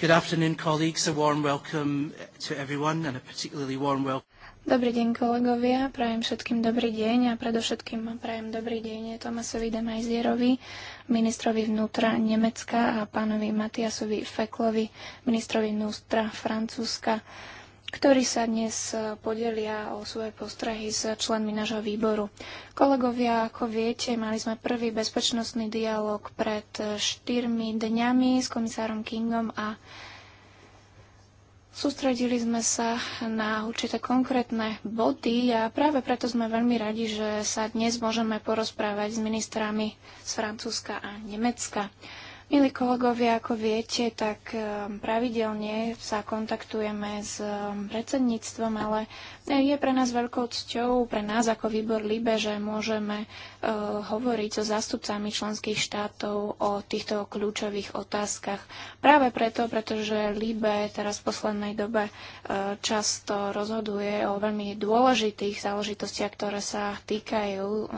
Good afternoon, colleagues. A warm welcome to everyone and a particularly warm welcome. Dobrý deň, kolegovia. Prajem všetkým dobrý deň a predovšetkým prajem dobrý deň Tomasovi de Majzierovi, ministrovi vnútra Nemecka a pánovi Matiasovi Feklovi, ministrovi vnútra Francúzska ktorí sa dnes e, podelia o svoje postrehy s členmi nášho výboru. Kolegovia, ako viete, mali sme prvý bezpečnostný dialog pred e, štyrmi dňami s komisárom Kingom a sústredili sme sa na určité konkrétne body a práve preto sme veľmi radi, že sa dnes môžeme porozprávať s ministrami z Francúzska a Nemecka. Milí kolegovia, ako viete, tak ehm, pravidelne sa kontaktujeme s ehm, predsedníctvom, ale eh, je pre nás veľkou cťou, pre nás ako výbor LIBE, že môžeme eh, hovoriť so zástupcami členských štátov o týchto kľúčových otázkach. Práve preto, pretože LIBE teraz v poslednej dobe eh, často rozhoduje o veľmi dôležitých záležitostiach, ktoré sa týkajú ehm,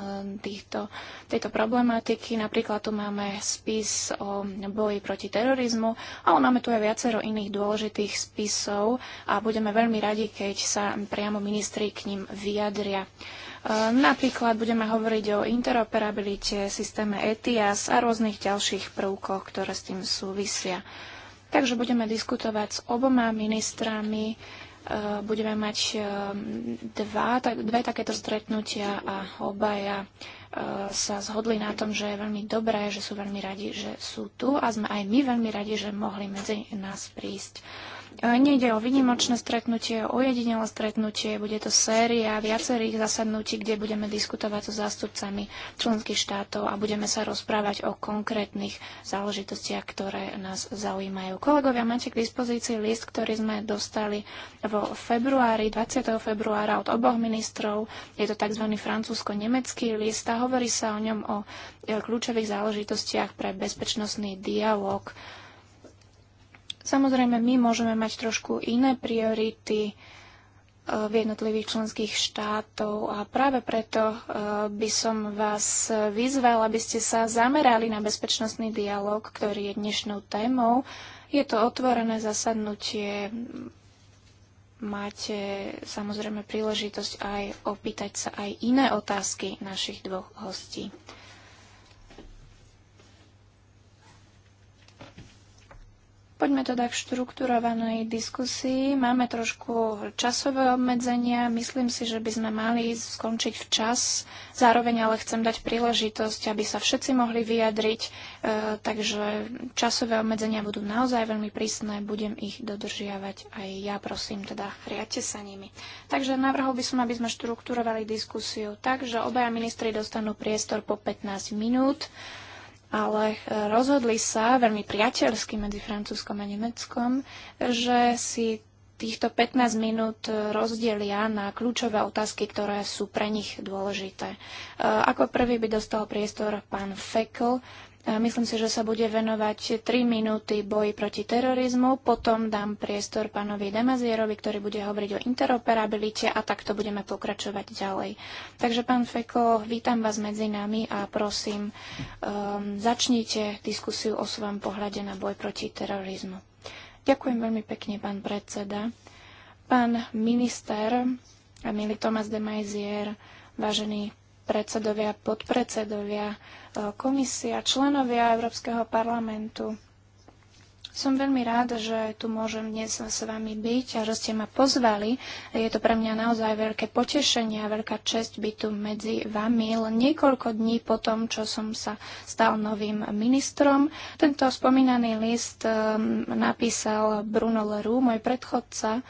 týchto, tejto problematiky. Napríklad tu máme spis o boji proti terorizmu, ale máme tu aj viacero iných dôležitých spisov a budeme veľmi radi, keď sa priamo ministri k ním vyjadria. E, napríklad budeme hovoriť o interoperabilite, systéme ETIAS a rôznych ďalších prvkoch, ktoré s tým súvisia. Takže budeme diskutovať s oboma ministrami, e, budeme mať e, dva, dve takéto stretnutia a obaja Eh, sa zhodli na tom, že je veľmi dobré, že sú veľmi radi, že sú tu a sme aj my veľmi radi, že mohli medzi nás prísť. Uh, E, nejde o vynimočné stretnutie, o jedinelé stretnutie, bude to séria viacerých zasadnutí, kde budeme diskutovať so zástupcami členských štátov a budeme sa rozprávať o konkrétnych záležitostiach, ktoré nás zaujímajú. Kolegovia, máte k dispozícii list, ktorý sme dostali vo februári, 20. februára od oboch ministrov. Je to tzv. francúzsko-nemecký list a hovorí sa o ňom o e, kľúčových záležitostiach pre bezpečnostný dialog Samozrejme, my môžeme mať trošku iné priority e, v jednotlivých členských štátov a práve preto e, by som vás vyzval, aby ste sa zamerali na bezpečnostný dialog, ktorý je dnešnou témou. Je to otvorené zasadnutie, máte samozrejme príležitosť aj opýtať sa aj iné otázky našich dvoch hostí. Poďme teda k štrukturovanej diskusii. Máme trošku časové obmedzenia. Myslím si, že by sme mali skončiť včas. Zároveň ale chcem dať príležitosť, aby sa všetci mohli vyjadriť. E, takže časové obmedzenia budú naozaj veľmi prísne. Budem ich dodržiavať aj ja, prosím, teda riadte sa nimi. Takže navrhol by som, aby sme štrukturovali diskusiu tak, že obaja ministri dostanú priestor po 15 minút ale eh, rozhodli sa veľmi priateľsky medzi Francúzskom a Nemeckom, že si týchto 15 minút eh, rozdelia na kľúčové otázky, ktoré sú pre nich dôležité. Eh, ako prvý by dostal priestor pán Fekl, Myslím si, že sa bude venovať 3 minúty boji proti terorizmu, potom dám priestor pánovi Demazierovi, ktorý bude hovoriť o interoperabilite a takto budeme pokračovať ďalej. Takže pán Feko, vítam vás medzi nami a prosím, um, začnite diskusiu o svojom pohľade na boj proti terorizmu. Ďakujem veľmi pekne, pán predseda. Pán minister, milý Tomás Demazier, vážení predsedovia, podpredsedovia, komisia, členovia Európskeho parlamentu. Som veľmi ráda, že tu môžem dnes s vami byť a že ste ma pozvali. Je to pre mňa naozaj veľké potešenie a veľká čest byť tu medzi vami len niekoľko dní po tom, čo som sa stal novým ministrom. Tento spomínaný list ehm, napísal Bruno Leroux, môj predchodca,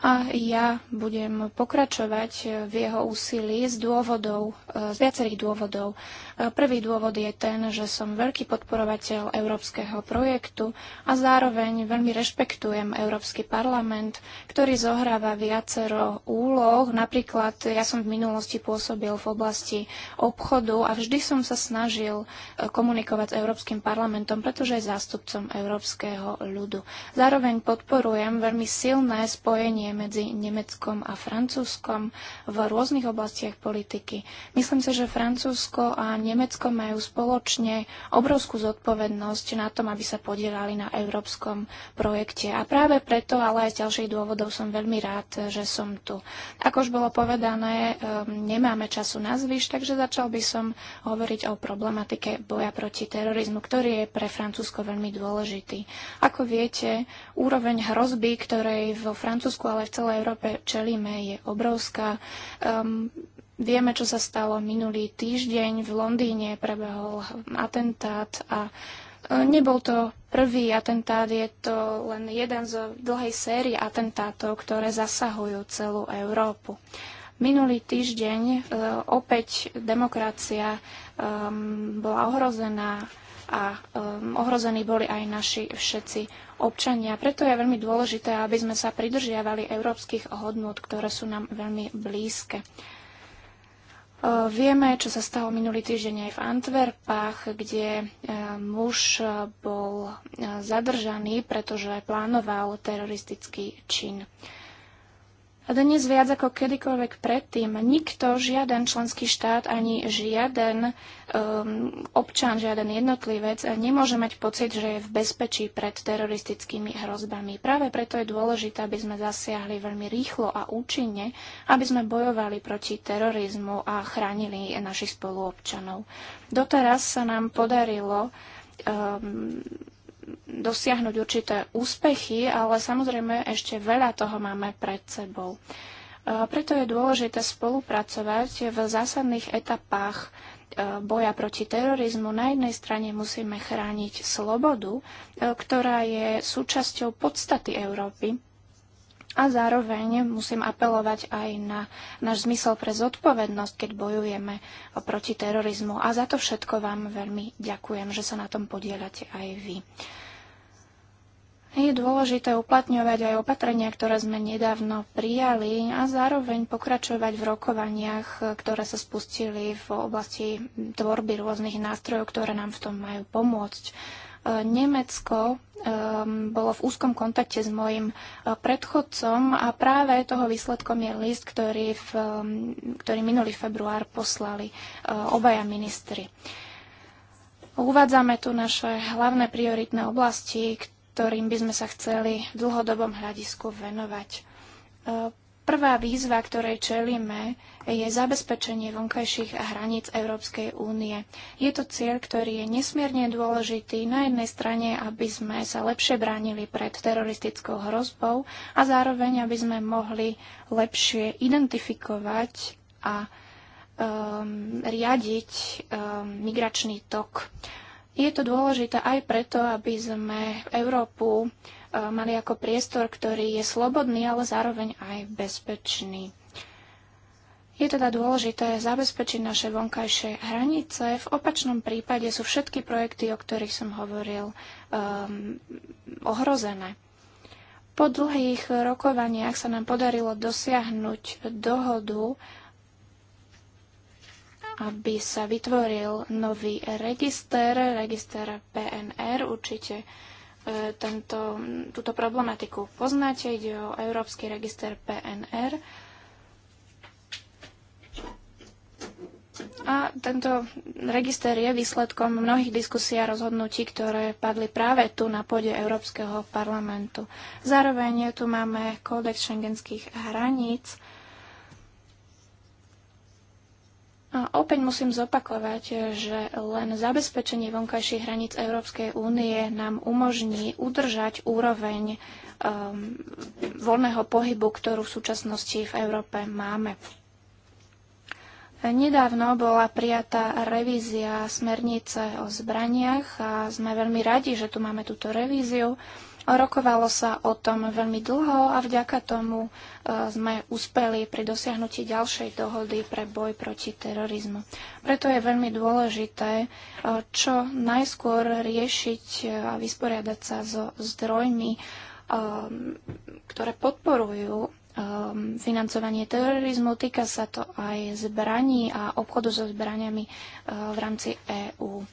a ja budem pokračovať v jeho úsilí z dôvodov, e, z viacerých dôvodov. E, prvý dôvod je ten, že som veľký podporovateľ európskeho projektu a zároveň veľmi rešpektujem Európsky parlament, ktorý zohráva viacero úloh. Napríklad ja som v minulosti pôsobil v oblasti obchodu a vždy som sa snažil e, komunikovať s Európskym parlamentom, pretože je zástupcom európskeho ľudu. Zároveň podporujem veľmi silné spojenie medzi Nemeckom a Francúzskom v rôznych oblastiach politiky. Myslím si, že Francúzsko a Nemecko majú spoločne obrovskú zodpovednosť na tom, aby sa podielali na európskom projekte. A práve preto, ale aj z ďalších dôvodov som veľmi rád, že som tu. Ako už bolo povedané, ehm, nemáme času na zvyš, takže začal by som hovoriť o problematike boja proti terorizmu, ktorý je pre Francúzsko veľmi dôležitý. Ako viete, úroveň hrozby, ktorej vo Francúzsku, ale ale v celej Európe čelíme, je obrovská. Um, vieme, čo sa stalo minulý týždeň. V Londýne prebehol atentát a e, Nebol to prvý atentát, je to len jeden z dlhej série atentátov, ktoré zasahujú celú Európu. Minulý týždeň e, opäť demokracia um, bola ohrozená a um, ohrození boli aj naši všetci občania. Preto je veľmi dôležité, aby sme sa pridržiavali európskych hodnot, ktoré sú nám veľmi blízke. Uh, vieme, čo sa stalo minulý týždeň aj v Antwerpách, kde uh, muž uh, bol zadržaný, pretože plánoval teroristický čin. A dnes viac ako kedykoľvek predtým nikto, žiaden členský štát ani žiaden um, občan, žiaden jednotlivec nemôže mať pocit, že je v bezpečí pred teroristickými hrozbami. Práve preto je dôležité, aby sme zasiahli veľmi rýchlo a účinne, aby sme bojovali proti terorizmu a chránili našich spoluobčanov. Doteraz sa nám podarilo um, dosiahnuť určité úspechy, ale samozrejme ešte veľa toho máme pred sebou. E, preto je dôležité spolupracovať v zásadných etapách e, boja proti terorizmu. Na jednej strane musíme chrániť slobodu, e, ktorá je súčasťou podstaty Európy a zároveň musím apelovať aj na náš zmysel pre zodpovednosť, keď bojujeme proti terorizmu. A za to všetko vám veľmi ďakujem, že sa na tom podielate aj vy. Je dôležité uplatňovať aj opatrenia, ktoré sme nedávno prijali a zároveň pokračovať v rokovaniach, ktoré sa spustili v oblasti tvorby rôznych nástrojov, ktoré nám v tom majú pomôcť. Nemecko ehm, bolo v úzkom kontakte s mojim eh, predchodcom a práve toho výsledkom je list, ktorý, v, ehm, ktorý minulý február poslali eh, obaja ministri. Uvádzame tu naše hlavné prioritné oblasti, ktorým by sme sa chceli v dlhodobom hľadisku venovať. Eh, Prvá výzva, ktorej čelíme, je zabezpečenie vonkajších hraníc Európskej únie. Je to cieľ, ktorý je nesmierne dôležitý na jednej strane, aby sme sa lepšie bránili pred teroristickou hrozbou a zároveň, aby sme mohli lepšie identifikovať a um, riadiť um, migračný tok. Je to dôležité aj preto, aby sme Európu E, mali ako priestor, ktorý je slobodný, ale zároveň aj bezpečný. Je teda dôležité zabezpečiť naše vonkajšie hranice. V opačnom prípade sú všetky projekty, o ktorých som hovoril, um, ohrozené. Po dlhých rokovaniach sa nám podarilo dosiahnuť dohodu, aby sa vytvoril nový register, register PNR. Určite E, tento, túto problematiku poznáte. Ide o Európsky register PNR. A tento register je výsledkom mnohých diskusí a rozhodnutí, ktoré padli práve tu na pôde Európskeho parlamentu. Zároveň tu máme kódex šengenských hraníc, A opäť musím zopakovať, že len zabezpečenie vonkajších hraníc Európskej únie nám umožní udržať úroveň um, voľného pohybu, ktorú v súčasnosti v Európe máme. Nedávno bola prijatá revízia smernice o zbraniach a sme veľmi radi, že tu máme túto revíziu. Rokovalo sa o tom veľmi dlho a vďaka tomu e, sme uspeli pri dosiahnutí ďalšej dohody pre boj proti terorizmu. Preto je veľmi dôležité e, čo najskôr riešiť a vysporiadať sa so zdrojmi, e, ktoré podporujú financovanie terorizmu. Týka sa to aj zbraní a obchodu so zbraniami v rámci EÚ.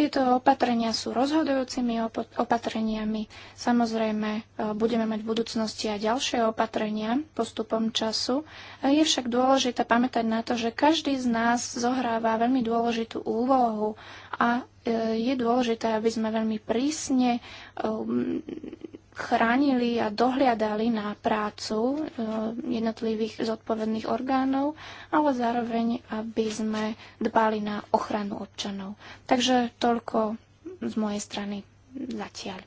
Tieto opatrenia sú rozhodujúcimi opatreniami. Samozrejme, e, budeme mať v budúcnosti aj ďalšie opatrenia postupom času. E, je však dôležité pamätať na to, že každý z nás zohráva veľmi dôležitú úlohu a e, je dôležité, aby sme veľmi prísne chránili a dohliadali na prácu e, jednotlivých zodpovedných orgánov, ale zároveň, aby sme dbali na ochranu občanov. Takže toľko z mojej strany zatiaľ.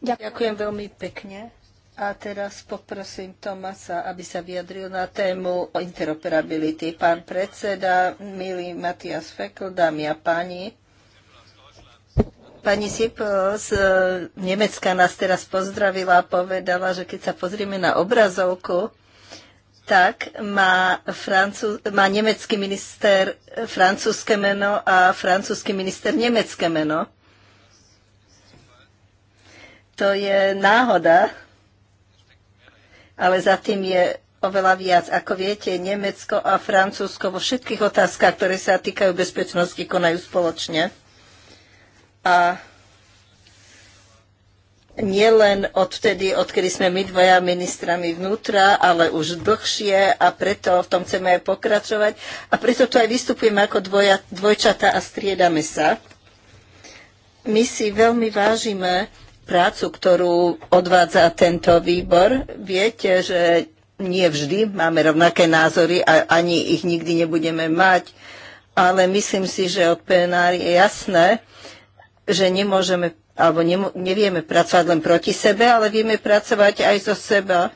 Ďakujem, Ďakujem veľmi pekne. A teraz poprosím Tomasa, aby sa vyjadril na tému interoperability. Pán predseda, milý Matias Fekl, dámy a páni, Pani Sipo z e, Nemecka nás teraz pozdravila a povedala, že keď sa pozrieme na obrazovku, tak má, Francúz, má nemecký minister francúzske meno a francúzsky minister nemecké meno. To je náhoda, ale za tým je oveľa viac. Ako viete, Nemecko a Francúzsko vo všetkých otázkach, ktoré sa týkajú bezpečnosti, konajú spoločne a nielen odtedy, odkedy sme my dvaja ministrami vnútra, ale už dlhšie a preto v tom chceme aj pokračovať. A preto tu aj vystupujeme ako dvoja, dvojčata a striedame sa. My si veľmi vážime prácu, ktorú odvádza tento výbor. Viete, že nie vždy máme rovnaké názory a ani ich nikdy nebudeme mať, ale myslím si, že od PNR je jasné, že nemôžeme alebo nevieme pracovať len proti sebe, ale vieme pracovať aj zo seba.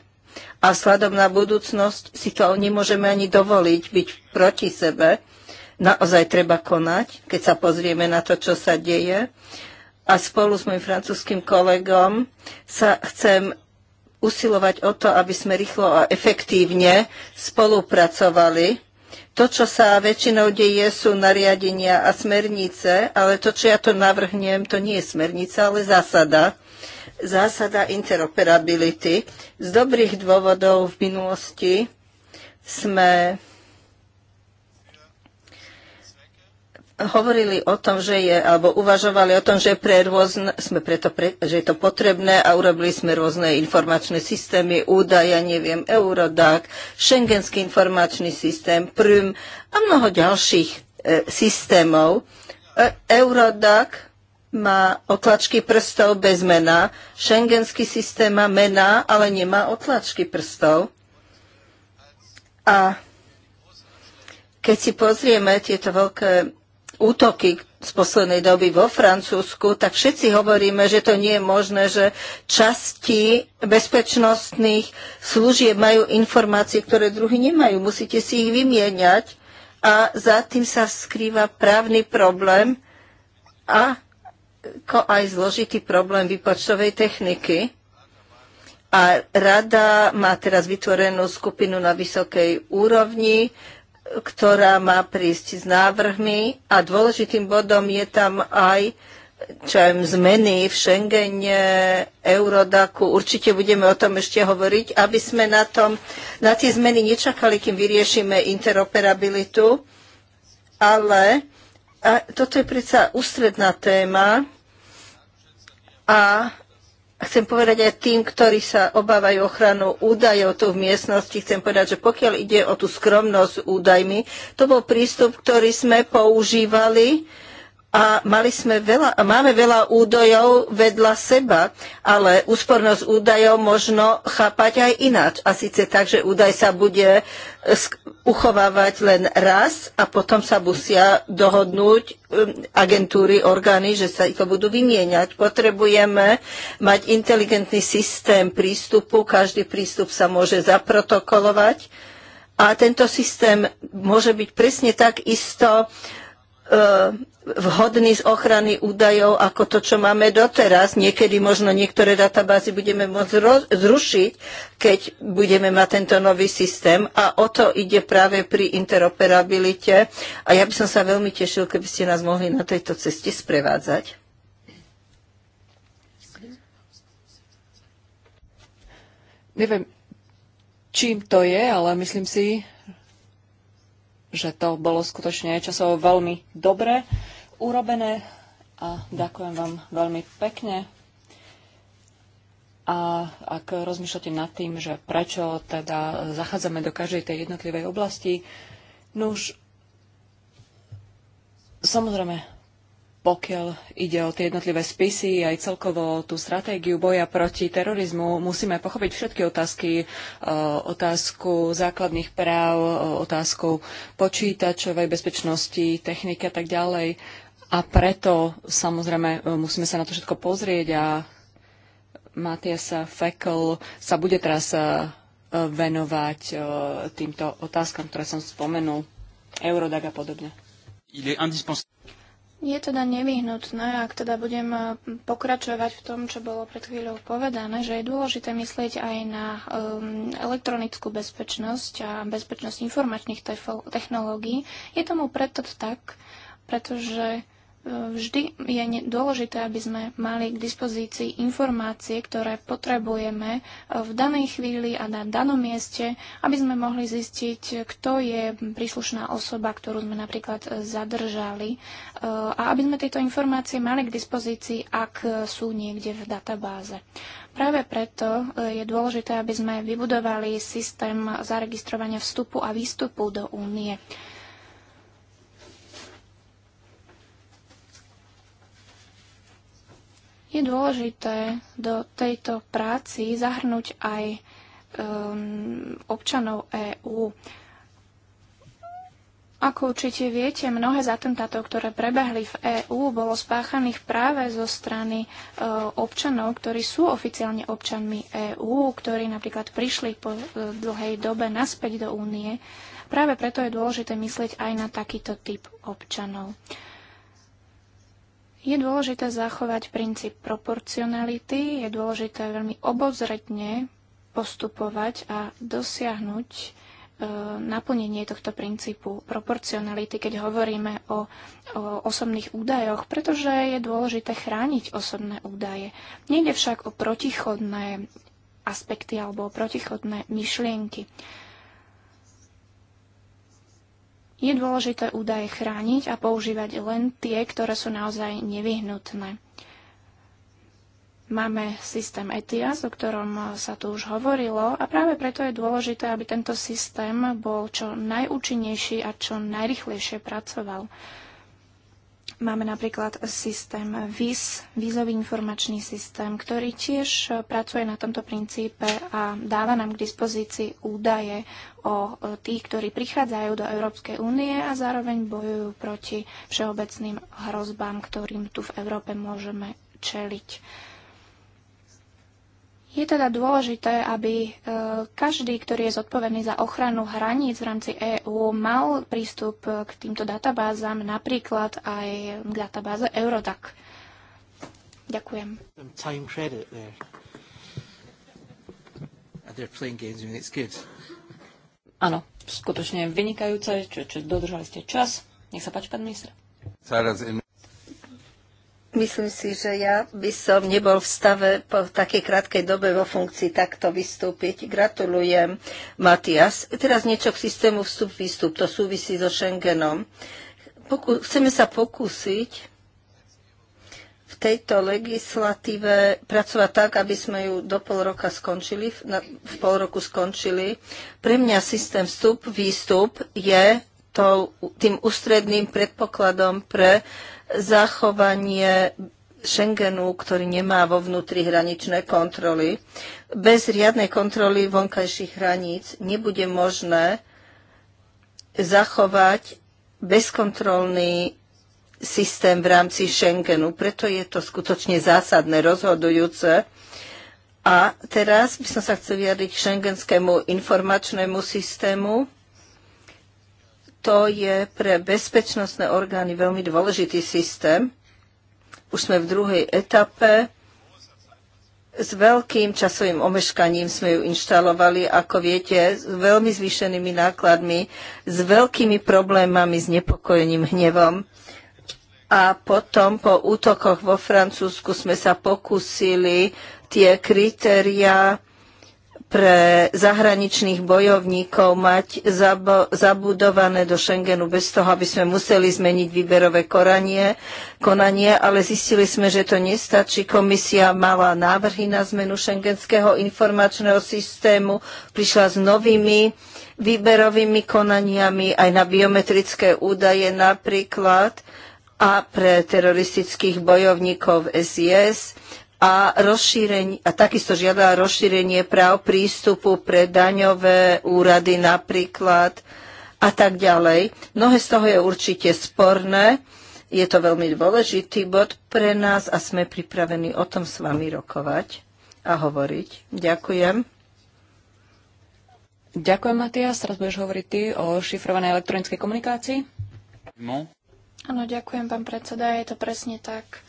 A sladom na budúcnosť si to nemôžeme ani dovoliť byť proti sebe. Naozaj treba konať, keď sa pozrieme na to, čo sa deje. A spolu s môjim francúzským kolegom sa chcem usilovať o to, aby sme rýchlo a efektívne spolupracovali to, čo sa väčšinou deje, sú nariadenia a smernice, ale to, čo ja to navrhnem, to nie je smernica, ale zásada. Zásada interoperability. Z dobrých dôvodov v minulosti sme hovorili o tom, že je, alebo uvažovali o tom, že, pre rôzne, sme preto pre, že je to potrebné a urobili sme rôzne informačné systémy, údaja, neviem, Eurodac, Schengenský informačný systém, Prüm a mnoho ďalších e, systémov. E, Eurodac má otlačky prstov bez mena, Schengenský systém má mena, ale nemá otlačky prstov. A keď si pozrieme tieto veľké útoky z poslednej doby vo Francúzsku, tak všetci hovoríme, že to nie je možné, že časti bezpečnostných služieb majú informácie, ktoré druhy nemajú. Musíte si ich vymieňať a za tým sa skrýva právny problém a ako aj zložitý problém výpočtovej techniky. A rada má teraz vytvorenú skupinu na vysokej úrovni, ktorá má prísť s návrhmi a dôležitým bodom je tam aj čo aj zmeny v Schengene, Eurodaku. Určite budeme o tom ešte hovoriť, aby sme na, tom, na tie zmeny nečakali, kým vyriešime interoperabilitu. Ale a toto je predsa ústredná téma a chcem povedať aj tým, ktorí sa obávajú ochranu údajov tu v miestnosti, chcem povedať, že pokiaľ ide o tú skromnosť údajmi, to bol prístup, ktorý sme používali a mali sme veľa, a máme veľa údajov vedľa seba, ale úspornosť údajov možno chápať aj ináč. A síce tak, že údaj sa bude e, uchovávať len raz a potom sa musia dohodnúť um, agentúry, orgány, že sa to budú vymieňať. Potrebujeme mať inteligentný systém prístupu, každý prístup sa môže zaprotokolovať a tento systém môže byť presne tak isto E, vhodný z ochrany údajov ako to, čo máme doteraz. Niekedy možno niektoré databázy budeme môcť zrušiť, keď budeme mať tento nový systém a o to ide práve pri interoperabilite. A ja by som sa veľmi tešil, keby ste nás mohli na tejto ceste sprevádzať. Neviem, čím to je, ale myslím si, že to bolo skutočne časovo veľmi dobre urobené a ďakujem vám veľmi pekne. A ak rozmýšľate nad tým, že prečo teda zachádzame do každej tej jednotlivej oblasti, no už samozrejme pokiaľ ide o tie jednotlivé spisy aj celkovo tú stratégiu boja proti terorizmu, musíme pochopiť všetky otázky, e, otázku základných práv, e, otázku počítačovej bezpečnosti, techniky a tak ďalej. A preto samozrejme e, musíme sa na to všetko pozrieť a Matias Fekl sa bude teraz venovať týmto otázkam, ktoré som spomenul, Eurodag a podobne. Il est indispensable. Je teda nevyhnutné, ak teda budem e, pokračovať v tom, čo bolo pred chvíľou povedané, že je dôležité myslieť aj na um, elektronickú bezpečnosť a bezpečnosť informačných technológií. Je tomu preto tak, pretože Vždy je dôležité, aby sme mali k dispozícii informácie, ktoré potrebujeme e, v danej chvíli a na danom mieste, aby sme mohli zistiť, kto je príslušná osoba, ktorú sme napríklad e, zadržali e, a aby sme tieto informácie mali k dispozícii, ak sú niekde v databáze. Práve preto je dôležité, aby sme vybudovali systém zaregistrovania vstupu a výstupu do únie. Je dôležité do tejto práci zahrnúť aj um, občanov EÚ. Ako určite viete, mnohé z atentátov, ktoré prebehli v EÚ, bolo spáchaných práve zo strany e, občanov, ktorí sú oficiálne občanmi EÚ, ktorí napríklad prišli po e, dlhej dobe naspäť do únie. Práve preto je dôležité myslieť aj na takýto typ občanov. E, je dôležité zachovať princíp proporcionality, je dôležité veľmi obozretne postupovať a dosiahnuť e, naplnenie tohto princípu proporcionality, keď hovoríme o, o osobných údajoch, pretože je dôležité chrániť osobné údaje. Nejde však o protichodné aspekty alebo protichodné myšlienky. Je dôležité údaje chrániť a používať len tie, ktoré sú naozaj nevyhnutné. Máme systém ETIAS, o ktorom sa tu už hovorilo a práve preto je dôležité, aby tento systém bol čo najúčinnejší a čo najrychlejšie pracoval. Máme napríklad systém VIS, vízový informačný systém, ktorý tiež eh, pracuje na tomto princípe a dáva nám k dispozícii údaje o eh, tých, ktorí prichádzajú do Európskej únie a zároveň bojujú proti všeobecným hrozbám, ktorým tu v Európe môžeme čeliť. Je teda dôležité, aby eh, každý, ktorý je zodpovedný za ochranu hraníc v rámci EÚ, mal prístup k týmto databázam, napríklad aj k databáze Eurodac. Ďakujem. Áno, skutočne vynikajúce, čo, čo dodržali ste čas. Nech sa páči, pán minister. Myslím si, že ja by som nebol v stave po takej krátkej dobe vo funkcii takto vystúpiť. Gratulujem, Matias. Teraz niečo k systému vstup-výstup. To súvisí so Schengenom. Poku- chceme sa pokúsiť v tejto legislatíve pracovať tak, aby sme ju do pol roka skončili, na, v pol roku skončili. Pre mňa systém vstup-výstup je to, tým ústredným predpokladom pre zachovanie Schengenu, ktorý nemá vo vnútri hraničné kontroly. Bez riadnej kontroly vonkajších hraníc nebude možné zachovať bezkontrolný systém v rámci Schengenu. Preto je to skutočne zásadné, rozhodujúce. A teraz by som sa chcel vyjadriť k šengenskému informačnému systému to je pre bezpečnostné orgány veľmi dôležitý systém. Už sme v druhej etape. S veľkým časovým omeškaním sme ju inštalovali, ako viete, s veľmi zvýšenými nákladmi, s veľkými problémami, s nepokojením, hnevom. A potom po útokoch vo Francúzsku sme sa pokúsili tie kritériá pre zahraničných bojovníkov mať zabudované do Schengenu bez toho, aby sme museli zmeniť výberové koranie, konanie, ale zistili sme, že to nestačí. Komisia mala návrhy na zmenu Schengenského informačného systému, prišla s novými výberovými konaniami aj na biometrické údaje napríklad a pre teroristických bojovníkov SIS a, a takisto žiada rozšírenie práv prístupu pre daňové úrady napríklad a tak ďalej. Mnohé z toho je určite sporné. Je to veľmi dôležitý bod pre nás a sme pripravení o tom s vami rokovať a hovoriť. Ďakujem. Ďakujem, Matias. Teraz budeš hovoriť ty o šifrovanej elektronickej komunikácii. No. Áno, ďakujem, pán predseda. Je to presne tak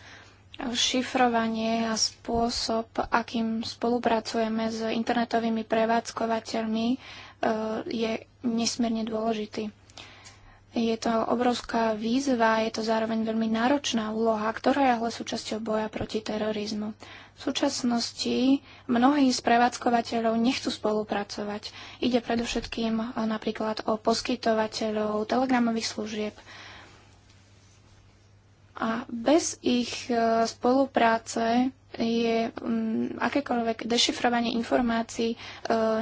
šifrovanie a spôsob, akým spolupracujeme s internetovými prevádzkovateľmi, e, je nesmierne dôležitý. Je to obrovská výzva, je to zároveň veľmi náročná úloha, ktorá je ale súčasťou boja proti terorizmu. V súčasnosti mnohí z prevádzkovateľov nechcú spolupracovať. Ide predovšetkým napríklad o poskytovateľov telegramových služieb, a bez ich e, spolupráce je akékoľvek dešifrovanie informácií e,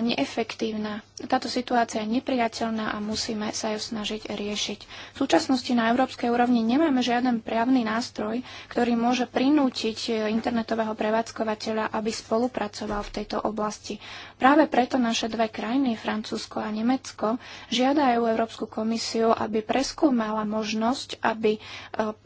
neefektívna. Táto situácia je nepriateľná a musíme sa ju snažiť riešiť. V súčasnosti na európskej úrovni nemáme žiaden právny nástroj, ktorý môže prinútiť e, internetového prevádzkovateľa, aby spolupracoval v tejto oblasti. Práve preto naše dve krajiny, Francúzsko a Nemecko, žiadajú Európsku komisiu, aby preskúmala možnosť, aby e,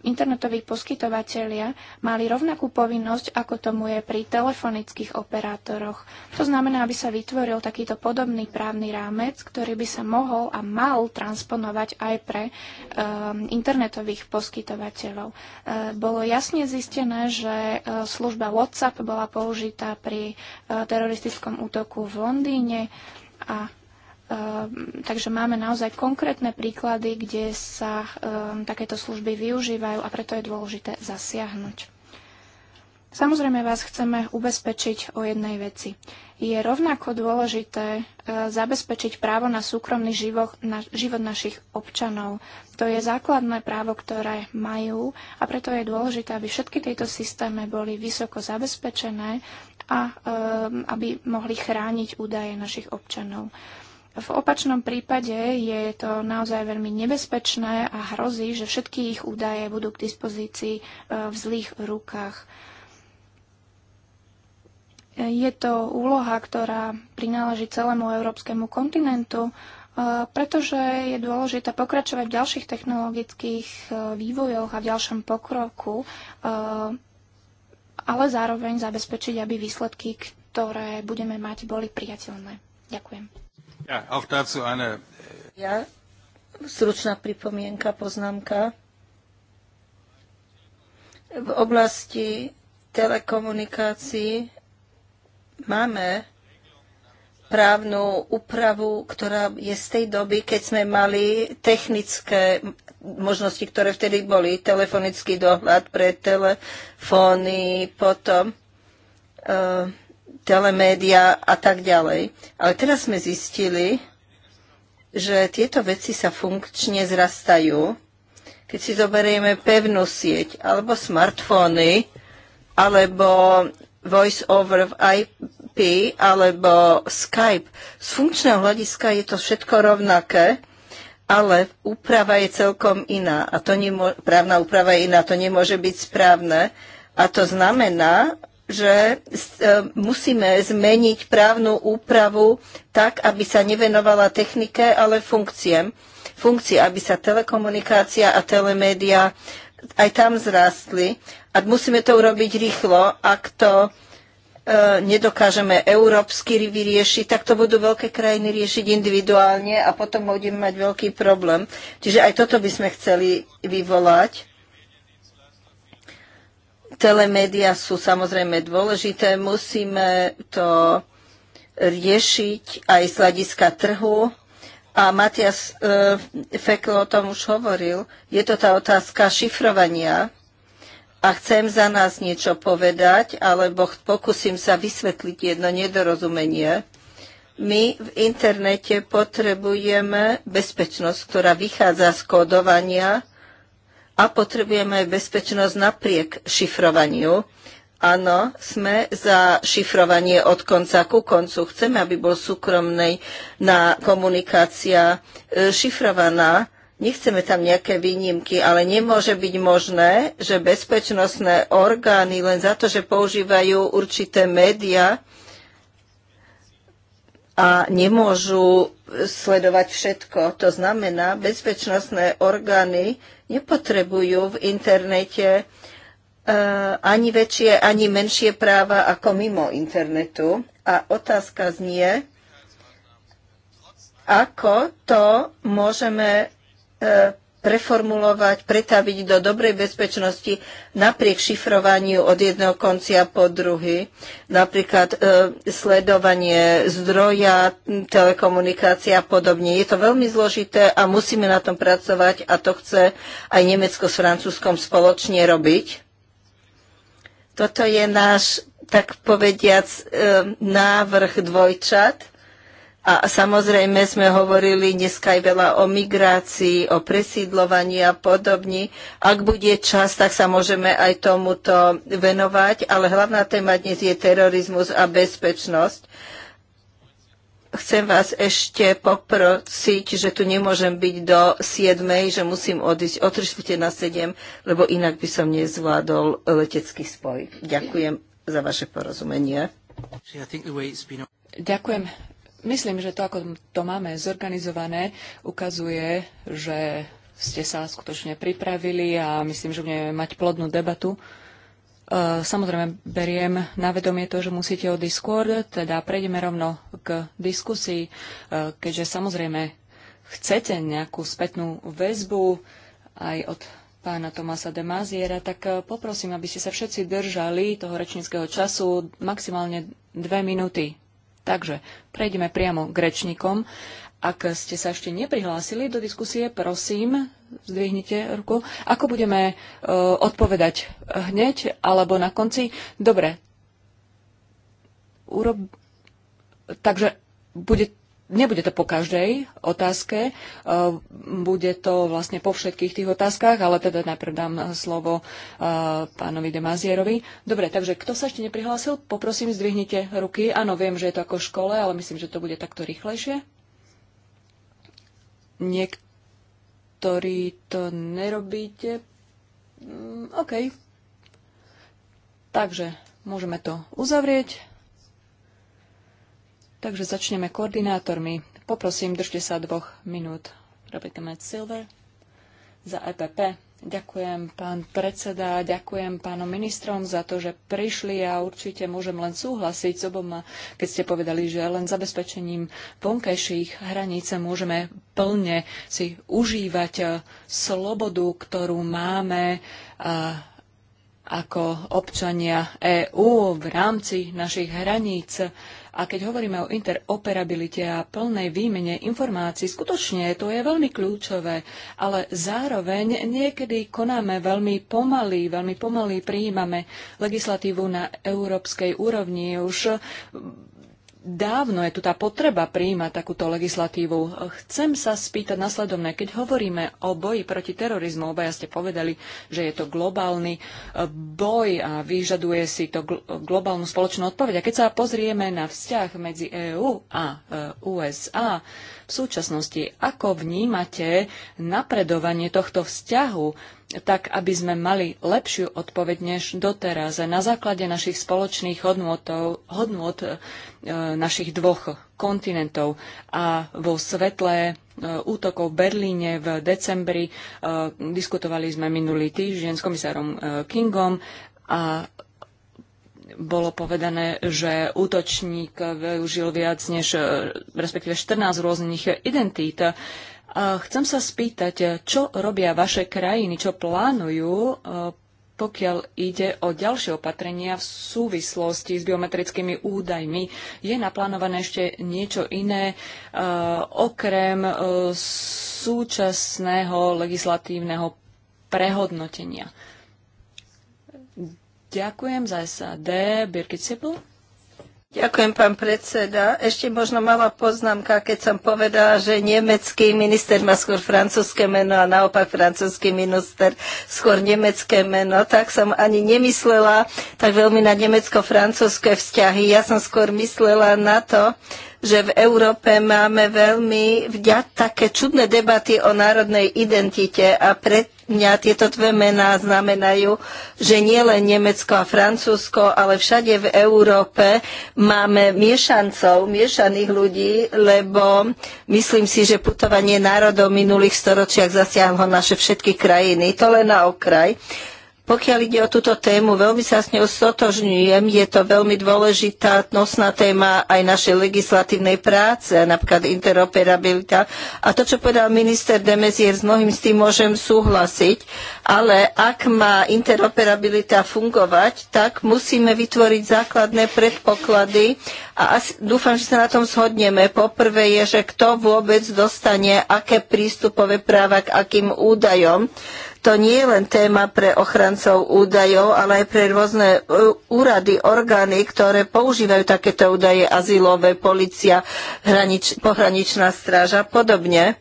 internetoví poskytovatelia mali rovnakú povinnosť, ako tomu je pri telefonických operátoroch. To znamená, aby sa vytvoril takýto podobný právny rámec, ktorý by sa mohol a mal transponovať aj pre um, internetových poskytovateľov. Uh, bolo jasne zistené, že uh, služba WhatsApp bola použitá pri uh, teroristickom útoku v Londýne a e, takže máme naozaj konkrétne príklady, kde sa e, takéto služby využívajú a preto je dôležité zasiahnuť. Samozrejme vás chceme ubezpečiť o jednej veci. Je rovnako dôležité e, zabezpečiť právo na súkromný život, na, život našich občanov. To je základné právo, ktoré majú a preto je dôležité, aby všetky tieto systémy boli vysoko zabezpečené a ehm, aby mohli chrániť údaje našich občanov. V opačnom prípade je to naozaj veľmi nebezpečné a hrozí, že všetky ich údaje budú k dispozícii e, v zlých rukách. Je to úloha, ktorá prináleží celému európskemu kontinentu, e, pretože je dôležité pokračovať v ďalších technologických e, vývojoch a v ďalšom pokroku ale zároveň zabezpečiť, aby výsledky, ktoré budeme mať, boli priateľné. Ďakujem. Ja, auch dazu eine... Äh, ja stručná pripomienka, poznámka. V oblasti telekomunikácií máme právnu úpravu, ktorá je z tej doby, keď sme mali technické možnosti, ktoré vtedy boli. Telefonický dohľad pre telefóny, potom e, telemédia a tak ďalej. Ale teraz sme zistili, že tieto veci sa funkčne zrastajú. Keď si zoberieme pevnú sieť, alebo smartfóny, alebo voice over v IP alebo Skype. Z funkčného hľadiska je to všetko rovnaké ale úprava je celkom iná a to nemo- právna úprava je iná, to nemôže byť správne. A to znamená, že e, musíme zmeniť právnu úpravu tak, aby sa nevenovala technike, ale funkciem. Funkcie, aby sa telekomunikácia a telemédia aj tam zrástli. A musíme to urobiť rýchlo, ak to nedokážeme európsky vyriešiť, tak to budú veľké krajiny riešiť individuálne a potom budeme mať veľký problém. Čiže aj toto by sme chceli vyvolať. Telemédia sú samozrejme dôležité, musíme to riešiť aj z hľadiska trhu. A Matias e, Fekl o tom už hovoril. Je to tá otázka šifrovania a chcem za nás niečo povedať, alebo pokúsim sa vysvetliť jedno nedorozumenie. My v internete potrebujeme bezpečnosť, ktorá vychádza z kódovania a potrebujeme bezpečnosť napriek šifrovaniu. Áno, sme za šifrovanie od konca ku koncu. Chceme, aby bol súkromnej na komunikácia e, šifrovaná, Nechceme tam nejaké výnimky, ale nemôže byť možné, že bezpečnostné orgány len za to, že používajú určité médiá a nemôžu sledovať všetko. To znamená, bezpečnostné orgány nepotrebujú v internete e, ani väčšie, ani menšie práva ako mimo internetu. A otázka znie, ako to môžeme E, preformulovať, pretaviť do dobrej bezpečnosti napriek šifrovaniu od jedného koncia po druhý. Napríklad e, sledovanie zdroja, telekomunikácia a podobne. Je to veľmi zložité a musíme na tom pracovať a to chce aj Nemecko s Francúzskom spoločne robiť. Toto je náš, tak povediac, e, návrh dvojčat a samozrejme sme hovorili dneska aj veľa o migrácii, o presídlovaní a podobne. Ak bude čas, tak sa môžeme aj tomuto venovať, ale hlavná téma dnes je terorizmus a bezpečnosť. Chcem vás ešte poprosiť, že tu nemôžem byť do 7, že musím odísť o 3 na 7, lebo inak by som nezvládol letecký spoj. Ďakujem za vaše porozumenie. Ďakujem myslím, že to, ako to máme zorganizované, ukazuje, že ste sa skutočne pripravili a myslím, že budeme mať plodnú debatu. E, samozrejme, beriem na vedomie to, že musíte odísť skôr, teda prejdeme rovno k diskusii, e, keďže samozrejme chcete nejakú spätnú väzbu aj od pána Tomasa de Maziera, tak e, poprosím, aby ste sa všetci držali toho rečníckého času maximálne dve minúty. Takže prejdeme priamo k rečníkom. Ak ste sa ešte neprihlásili do diskusie, prosím, zdvihnite ruku. Ako budeme uh, odpovedať hneď alebo na konci? Dobre. Urob... Takže bude nebude to po každej otázke, e, bude to vlastne po všetkých tých otázkach, ale teda najprv dám slovo e, pánovi Demazierovi. Dobre, takže kto sa ešte neprihlásil, poprosím, zdvihnite ruky. Áno, viem, že je to ako v škole, ale myslím, že to bude takto rýchlejšie. Niektorí to nerobíte. Mm, OK. Takže môžeme to uzavrieť. Takže začneme koordinátormi. Poprosím, držte sa dvoch minút. Rebecca Matt Silver za EPP. Ďakujem, pán predseda, ďakujem pánom ministrom za to, že prišli a určite môžem len súhlasiť s oboma, keď ste povedali, že len zabezpečením vonkajších hraníc môžeme plne si užívať eh, slobodu, ktorú máme eh, ako občania EÚ v rámci našich hraníc a keď hovoríme o interoperabilite a plnej výmene informácií, skutočne to je veľmi kľúčové, ale zároveň niekedy konáme veľmi pomaly, veľmi pomaly prijímame legislatívu na európskej úrovni. Už dávno je tu tá potreba prijímať takúto legislatívu. Chcem sa spýtať nasledovne, Keď hovoríme o boji proti terorizmu, obaja ste povedali, že je to globálny e, boj a vyžaduje si to globálnu spoločnú odpoveď. A keď sa pozrieme na vzťah medzi EÚ a e, USA v súčasnosti, ako vnímate napredovanie tohto vzťahu tak aby sme mali lepšiu odpoveď než doteraz na základe našich spoločných hodnotov, hodnot e, našich dvoch kontinentov a vo svetle e, útokov v Berlíne v decembri e, diskutovali sme minulý týždeň s komisárom Kingom a bolo povedané, že útočník využil viac než respektíve 14 rôznych identít Chcem sa spýtať, čo robia vaše krajiny, čo plánujú, e, pokiaľ ide o ďalšie opatrenia v súvislosti s biometrickými údajmi. Je naplánované ešte niečo iné, e, okrem e, súčasného legislatívneho prehodnotenia? Ďakujem za SAD. Birgit Sippel. Ďakujem, pán predseda. Ešte možno malá poznámka, keď som povedala, že nemecký minister má skôr francúzske meno a naopak francúzsky minister skôr nemecké meno, tak som ani nemyslela tak veľmi na nemecko-francúzske vzťahy. Ja som skôr myslela na to, že v Európe máme veľmi vďa také čudné debaty o národnej identite a pre mňa tieto dve mená znamenajú, že nielen Nemecko a Francúzsko, ale všade v Európe máme miešancov, miešaných ľudí, lebo myslím si, že putovanie národov v minulých storočiach zasiahlo naše všetky krajiny. To len na okraj. Pokiaľ ide o túto tému, veľmi sa s ňou sotožňujem. Je to veľmi dôležitá nosná téma aj našej legislatívnej práce, napríklad interoperabilita. A to, čo povedal minister Demezier, s mnohým s tým môžem súhlasiť, ale ak má interoperabilita fungovať, tak musíme vytvoriť základné predpoklady a dúfam, že sa na tom shodneme. Poprvé je, že kto vôbec dostane aké prístupové práva k akým údajom to nie je len téma pre ochrancov údajov, ale aj pre rôzne e, úrady, orgány, ktoré používajú takéto údaje, azylové, policia, hranič, pohraničná stráž a podobne.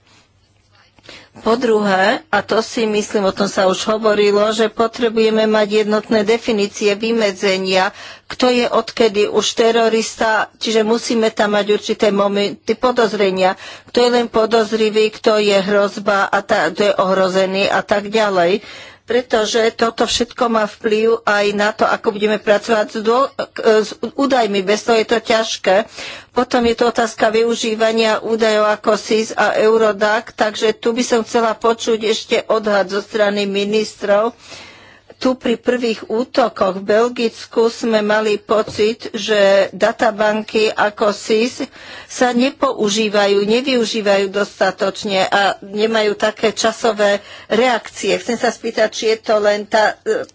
Po druhé, a to si myslím, o tom sa už hovorilo, že potrebujeme mať jednotné definície vymedzenia, kto je odkedy už terorista, čiže musíme tam mať určité momenty podozrenia, kto je len podozrivý, kto je hrozba a tá, kto je ohrozený a tak ďalej pretože toto všetko má vplyv aj na to, ako budeme pracovať s, dô, s údajmi. Bez toho je to ťažké. Potom je to otázka využívania údajov ako SIS a Eurodac, takže tu by som chcela počuť ešte odhad zo strany ministrov tu pri prvých útokoch v Belgicku sme mali pocit, že databanky ako SIS sa nepoužívajú, nevyužívajú dostatočne a nemajú také časové reakcie. Chcem sa spýtať, či je to len tá, e,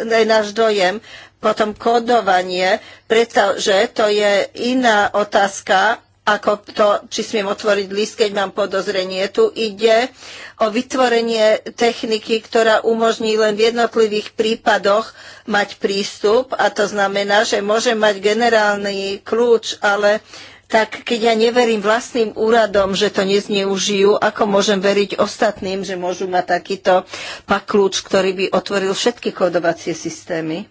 e, e, náš dojem. Potom kódovanie, pretože to je iná otázka ako to, či smiem otvoriť list, keď mám podozrenie. Tu ide o vytvorenie techniky, ktorá umožní len v jednotlivých prípadoch mať prístup a to znamená, že môže mať generálny kľúč, ale tak keď ja neverím vlastným úradom, že to nezneužijú, ako môžem veriť ostatným, že môžu mať takýto pak kľúč, ktorý by otvoril všetky kodovacie systémy?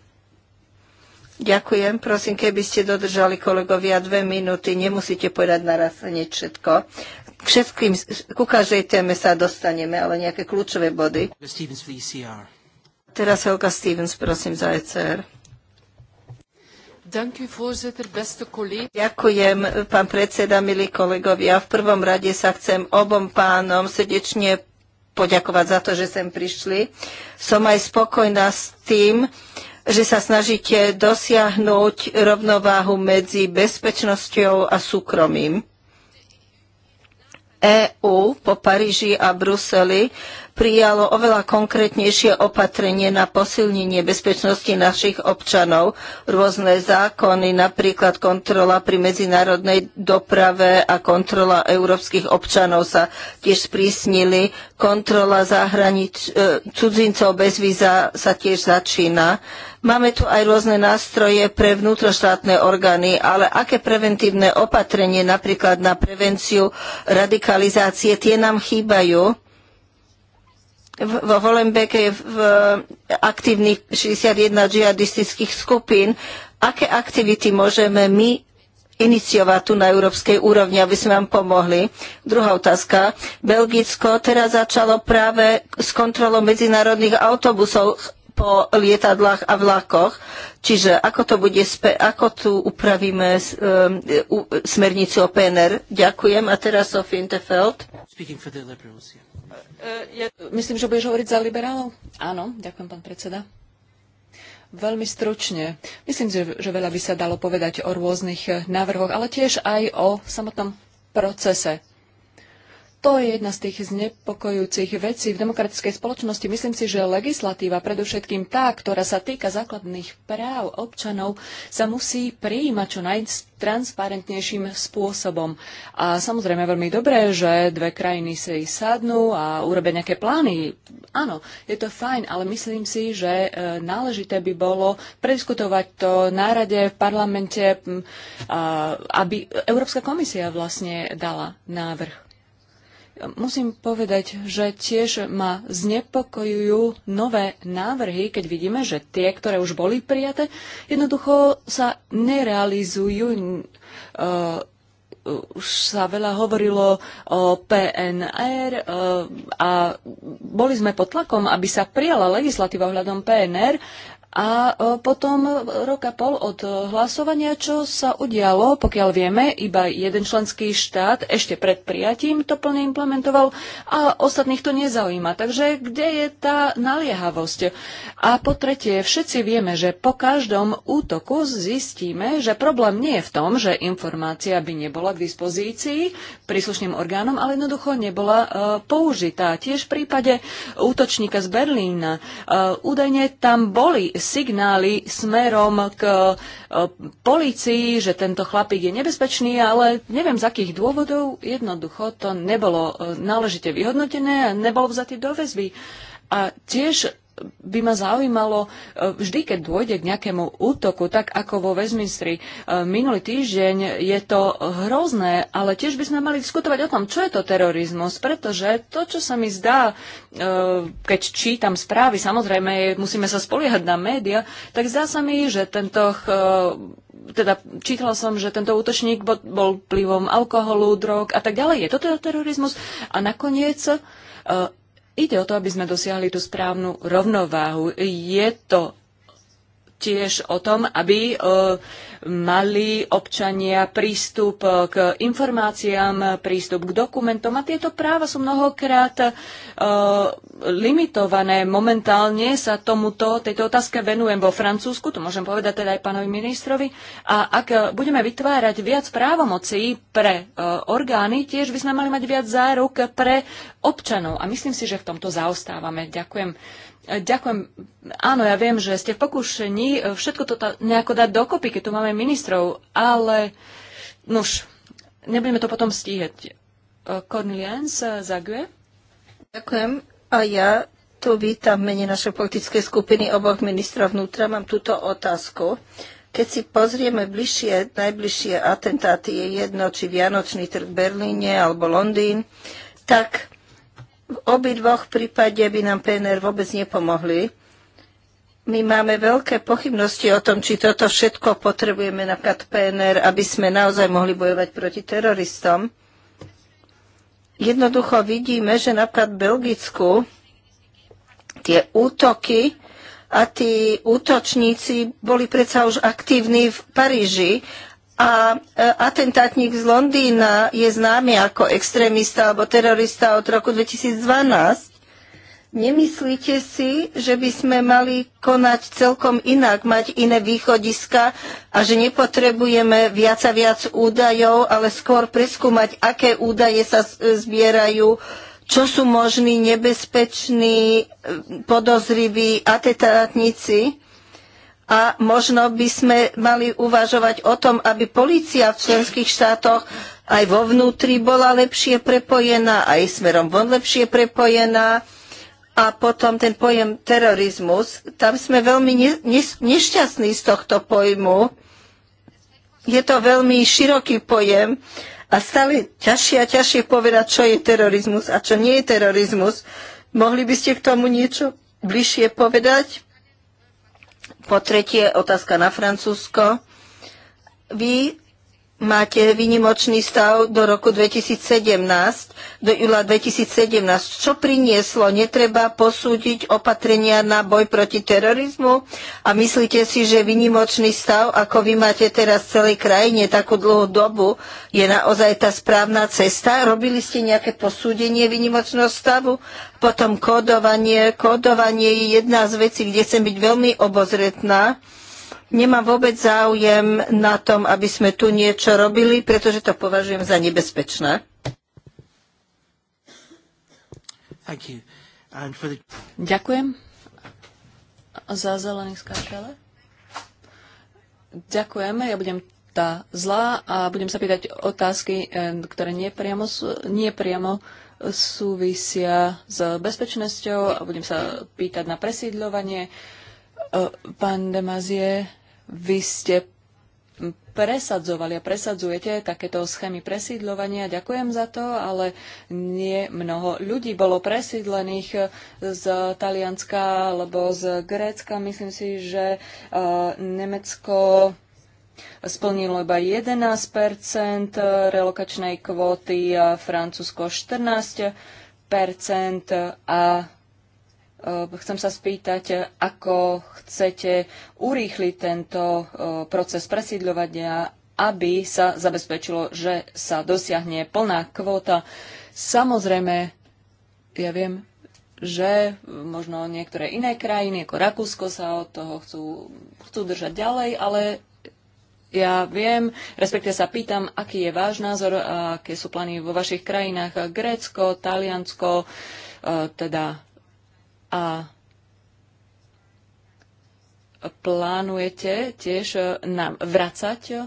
Ďakujem. Prosím, keby ste dodržali kolegovia dve minúty, nemusíte povedať naraz hneď všetko. K všetkým, ku každej téme sa dostaneme, ale nejaké kľúčové body. E Teraz Helga Stevens, prosím, za ECR. Ďakujem, pán predseda, milí kolegovia. V prvom rade sa chcem obom pánom srdečne poďakovať za to, že sem prišli. Som aj spokojná s tým, že sa snažíte dosiahnuť rovnováhu medzi bezpečnosťou a súkromím. EÚ po Paríži a Bruseli prijalo oveľa konkrétnejšie opatrenie na posilnenie bezpečnosti našich občanov. Rôzne zákony, napríklad kontrola pri medzinárodnej doprave a kontrola európskych občanov sa tiež sprísnili. Kontrola zahranič, e, cudzincov bez víza sa tiež začína. Máme tu aj rôzne nástroje pre vnútroštátne orgány, ale aké preventívne opatrenie napríklad na prevenciu radikalizácie, tie nám chýbajú vo Volembeke je v aktívnych 61 džihadistických skupín. Aké aktivity môžeme my iniciovať tu na európskej úrovni, aby sme vám pomohli? Druhá otázka. Belgicko teraz začalo práve s kontrolou medzinárodných autobusov po lietadlách a vlakoch. Čiže ako to bude, ako tu upravíme um, smernicu o PNR? Ďakujem. A teraz Sofie Intefeld. Speaking for the liberals, yeah. E, ja... Myslím, že budeš hovoriť za liberálov? Áno, ďakujem, pán predseda. Veľmi stručne. Myslím, že veľa by sa dalo povedať o rôznych návrhoch, ale tiež aj o samotnom procese to je jedna z tých znepokojúcich vecí v demokratickej spoločnosti. Myslím si, že legislatíva, predovšetkým tá, ktorá sa týka základných práv občanov, sa musí prijímať čo najtransparentnejším spôsobom. A samozrejme veľmi dobré, že dve krajiny si sadnú a urobia nejaké plány. Áno, je to fajn, ale myslím si, že e, náležité by bolo prediskutovať to na rade, v parlamente, aby Európska komisia vlastne dala návrh. Musím povedať, že tiež ma znepokojujú nové návrhy, keď vidíme, že tie, ktoré už boli prijaté, jednoducho sa nerealizujú. Uh, už sa veľa hovorilo o PNR uh, a boli sme pod tlakom, aby sa prijala legislatíva ohľadom PNR a e, potom roka pol od hlasovania, čo sa udialo, pokiaľ vieme, iba jeden členský štát ešte pred prijatím to plne implementoval a ostatných to nezaujíma. Takže kde je tá naliehavosť? A po tretie, všetci vieme, že po každom útoku zistíme, že problém nie je v tom, že informácia by nebola k dispozícii príslušným orgánom, ale jednoducho nebola e, použitá. Tiež v prípade útočníka z Berlína e, údajne tam boli signály smerom k e, policii, že tento chlapík je nebezpečný, ale neviem z akých dôvodov, jednoducho to nebolo e, náležite vyhodnotené a nebolo vzatý do väzby. A tiež by ma zaujímalo, e, vždy, keď dôjde k nejakému útoku, tak ako vo Westminstri e, minulý týždeň, je to hrozné, ale tiež by sme mali diskutovať o tom, čo je to terorizmus, pretože to, čo sa mi zdá, e, keď čítam správy, samozrejme musíme sa spoliehať na média, tak zdá sa mi, že tento teda čítala som, že tento útočník bol plivom alkoholu, drog a tak ďalej. Je to teda terorizmus? A nakoniec Ide o to, aby sme dosiahli tú správnu rovnováhu. Je to tiež o tom, aby e, mali občania prístup e, k informáciám, prístup k dokumentom a tieto práva sú mnohokrát e, limitované. Momentálne sa tomuto, tejto otázke venujem vo Francúzsku, to môžem povedať teda aj pánovi ministrovi. A ak budeme vytvárať viac právomocí pre orgány, tiež by sme mali mať viac záruk pre občanov. A myslím si, že v tomto zaostávame. Ďakujem. E, ďakujem. Áno, ja viem, že ste v pokúšení e, všetko to nejako dať dokopy, keď tu máme ministrov, ale nuž, nebudeme to potom stíhať. E, Cornelians Zague. Ďakujem. A ja tu vítam v mene našej politickej skupiny oboch ministrov vnútra. Mám túto otázku. Keď si pozrieme bližšie, najbližšie atentáty, je jedno, či Vianočný trh v Berlíne alebo Londýn, tak v obidvoch prípade by nám PNR vôbec nepomohli. My máme veľké pochybnosti o tom, či toto všetko potrebujeme na PNR, aby sme naozaj mohli bojovať proti teroristom. Jednoducho vidíme, že napríklad v Belgicku tie útoky a tí útočníci boli predsa už aktívni v Paríži a e, atentátnik z Londýna je známy ako extrémista alebo terorista od roku 2012. Nemyslíte si, že by sme mali konať celkom inak, mať iné východiska a že nepotrebujeme viac a viac údajov, ale skôr preskúmať, aké údaje sa zbierajú, čo sú možní nebezpeční, e, podozriví atentátnici? a možno by sme mali uvažovať o tom, aby polícia v členských štátoch aj vo vnútri bola lepšie prepojená, aj smerom von lepšie prepojená. A potom ten pojem terorizmus, tam sme veľmi ne, ne, nešťastní z tohto pojmu. Je to veľmi široký pojem a stále ťažšie a ťažšie povedať, čo je terorizmus a čo nie je terorizmus. Mohli by ste k tomu niečo bližšie povedať? Po tretie, otázka na Francúzsko. Vy máte výnimočný stav do roku 2017, do júla 2017. Čo prinieslo? Netreba posúdiť opatrenia na boj proti terorizmu? A myslíte si, že výnimočný stav, ako vy máte teraz v celej krajine takú dlhú dobu, je naozaj tá správna cesta? Robili ste nejaké posúdenie výnimočného stavu? Potom kódovanie. Kódovanie je jedna z vecí, kde chcem byť veľmi obozretná. Nemám vôbec záujem na tom, aby sme tu niečo robili, pretože to považujem za nebezpečné. The... Ďakujem. Za zelený skáčele. Ďakujem. Ja budem tá zlá a budem sa pýtať otázky, eh, ktoré nepriamo, nepriamo súvisia s bezpečnosťou a budem sa pýtať na presídľovanie. Eh, pán Demazie, vy ste presadzovali a presadzujete takéto schémy presídľovania. Ďakujem za to, ale nie mnoho ľudí bolo presídlených z Talianska alebo z Grécka. Myslím si, že e, Nemecko splnilo iba 11 relokačnej kvóty, Francúzsko 14 a Eh, chcem sa spýtať, ako chcete urýchliť tento eh, proces presídľovania, aby sa zabezpečilo, že sa dosiahne plná kvóta. Samozrejme, ja viem, že možno niektoré iné krajiny, ako Rakúsko, sa od toho chcú, chcú držať ďalej, ale ja viem, respektive sa pýtam, aký je váš názor, a aké sú plány vo vašich krajinách, Grécko, Taliansko, eh, teda a plánujete tiež e, nám vracať e,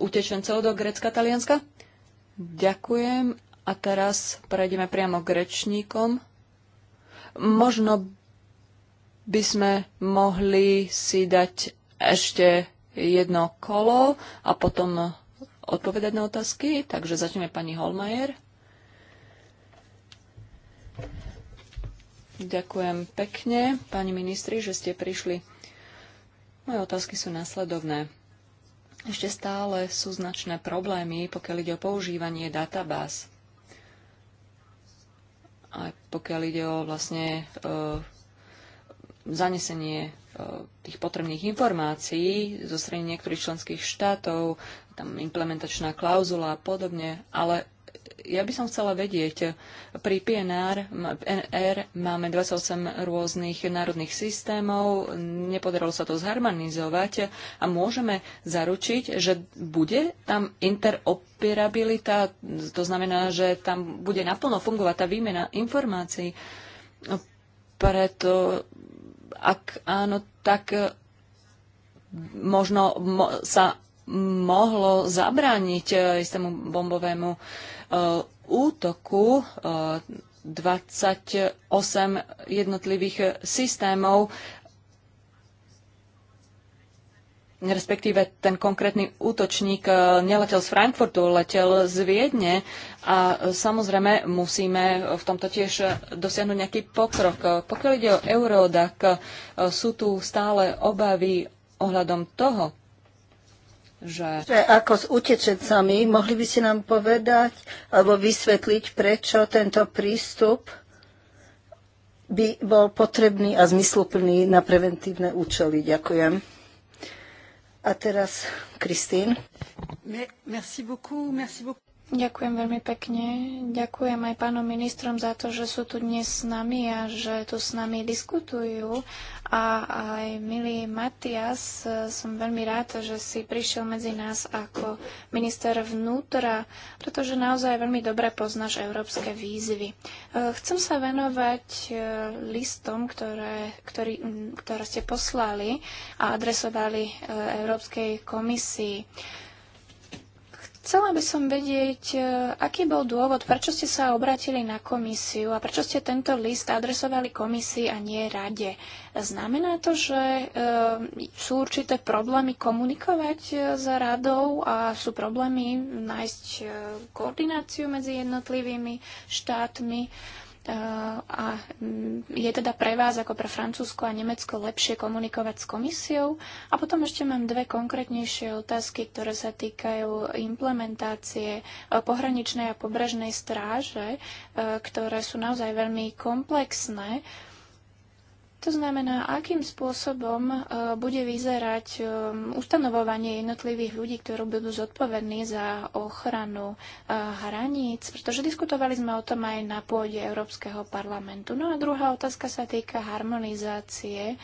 utečencov do Grécka, Talianska? Ďakujem. A teraz prejdeme priamo k rečníkom. Možno by sme mohli si dať ešte jedno kolo a potom odpovedať na otázky. Takže začneme pani Holmajer. Ďakujem pekne, pani ministri, že ste prišli. Moje otázky sú následovné. Ešte stále sú značné problémy, pokiaľ ide o používanie databáz. Aj pokiaľ ide o vlastne e, zanesenie e, tých potrebných informácií zo strany niektorých členských štátov, tam implementačná klauzula a podobne, ale ja by som chcela vedieť, pri PNR, NR máme 28 rôznych národných systémov, nepodarilo sa to zharmonizovať a môžeme zaručiť, že bude tam interoperabilita, to znamená, že tam bude naplno fungovať tá výmena informácií. Preto, ak áno, tak možno sa mohlo zabrániť e, istému bombovému e, útoku 28 e, jednotlivých systémov respektíve ten konkrétny útočník neletel z Frankfurtu, letel z Viedne a samozrejme musíme v tomto tiež dosiahnuť nejaký pokrok. Pokiaľ ide o Eurodac, sú tu stále obavy ohľadom toho, že... že ako s utečencami, mohli by ste nám povedať alebo vysvetliť, prečo tento prístup by bol potrebný a zmysluplný na preventívne účely. Ďakujem. A teraz Kristín. Merci beaucoup, merci beaucoup. Ďakujem veľmi pekne. Ďakujem aj pánom ministrom za to, že sú tu dnes s nami a že tu s nami diskutujú. A aj milý Matias, som veľmi rád, že si prišiel medzi nás ako minister vnútra, pretože naozaj veľmi dobre poznáš európske výzvy. E, chcem sa venovať e, listom, ktoré, ktorý, ktoré ste poslali a adresovali e, Európskej komisii. Chcela by som vedieť, e, aký bol dôvod, prečo ste sa obratili na komisiu a prečo ste tento list adresovali komisii a nie rade. Znamená to, že e, sú určité problémy komunikovať e, s radou a sú problémy nájsť koordináciu medzi jednotlivými štátmi a mm, je teda pre vás ako pre Francúzsko a Nemecko lepšie komunikovať s komisiou? A potom ešte mám dve konkrétnejšie otázky, ktoré sa týkajú implementácie e, pohraničnej a pobrežnej stráže, e, ktoré sú naozaj veľmi komplexné. Uh, to znamená, akým spôsobom e, bude vyzerať e, ustanovovanie jednotlivých ľudí, ktorí budú zodpovední za ochranu e, hraníc, pretože diskutovali sme o tom aj na pôde Európskeho parlamentu. No a druhá otázka sa týka harmonizácie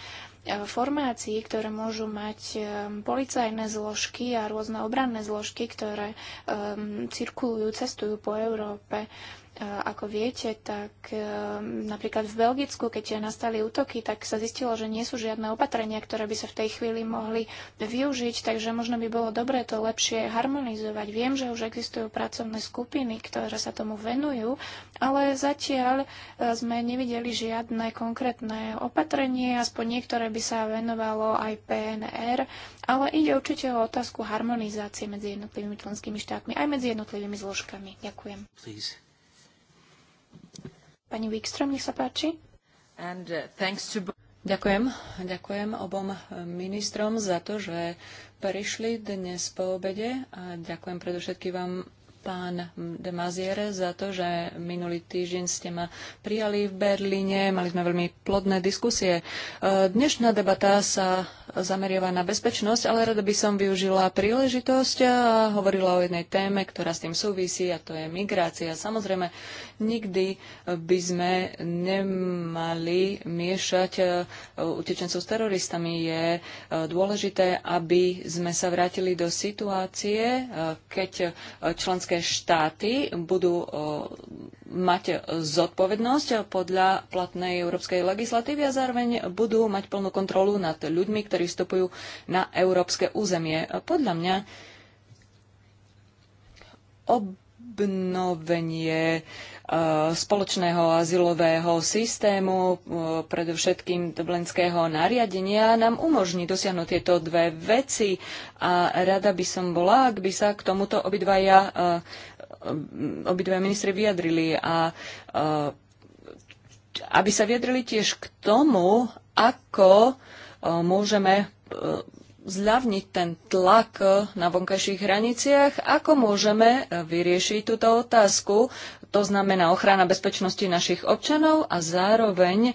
formácií, ktoré môžu mať policajné zložky a rôzne obranné zložky, ktoré cirkulujú, cestujú po Európe. Ako viete, tak e, napríklad v Belgicku, keď nastali útoky, tak sa zistilo, že nie sú žiadne opatrenia, ktoré by sa v tej chvíli mohli využiť, takže možno by bolo dobré to lepšie harmonizovať. Viem, že už existujú pracovné skupiny, ktoré sa tomu venujú, ale zatiaľ e, sme nevideli žiadne konkrétne opatrenie, aspoň niektoré by sa venovalo aj PNR, ale ide určite o otázku harmonizácie medzi jednotlivými členskými štátmi aj medzi jednotlivými zložkami. Ďakujem. Please. Pani Wikström, nech sa páči. And, uh, thanks to... Ďakujem. Ďakujem obom eh, ministrom za to, že prišli dnes po obede a ďakujem predovšetkým vám pán de Maziere, za to, že minulý týždeň ste ma prijali v Berlíne. Mali sme veľmi plodné diskusie. E, dnešná debata sa zameriava na bezpečnosť, ale rada by som využila príležitosť a hovorila o jednej téme, ktorá s tým súvisí, a to je migrácia. Samozrejme, nikdy by sme nemali miešať e, utečencov s teroristami. Je e, dôležité, aby sme sa vrátili do situácie, keď členské členské štáty budú mať zodpovednosť podľa platnej európskej legislatívy a zároveň budú mať plnú kontrolu nad ľuďmi, ktorí vstupujú na európske územie. Podľa mňa ob obnovenie e, spoločného azylového systému, e, predovšetkým dublenského nariadenia, nám umožní dosiahnuť tieto dve veci a rada by som bola, ak by sa k tomuto obidvaja, e, obidve ministri vyjadrili a aby sa vyjadrili tiež k tomu, ako môžeme zľavniť ten tlak eh, na vonkajších hraniciach. Ako môžeme eh, vyriešiť túto otázku? To znamená ochrana bezpečnosti našich občanov a zároveň eh,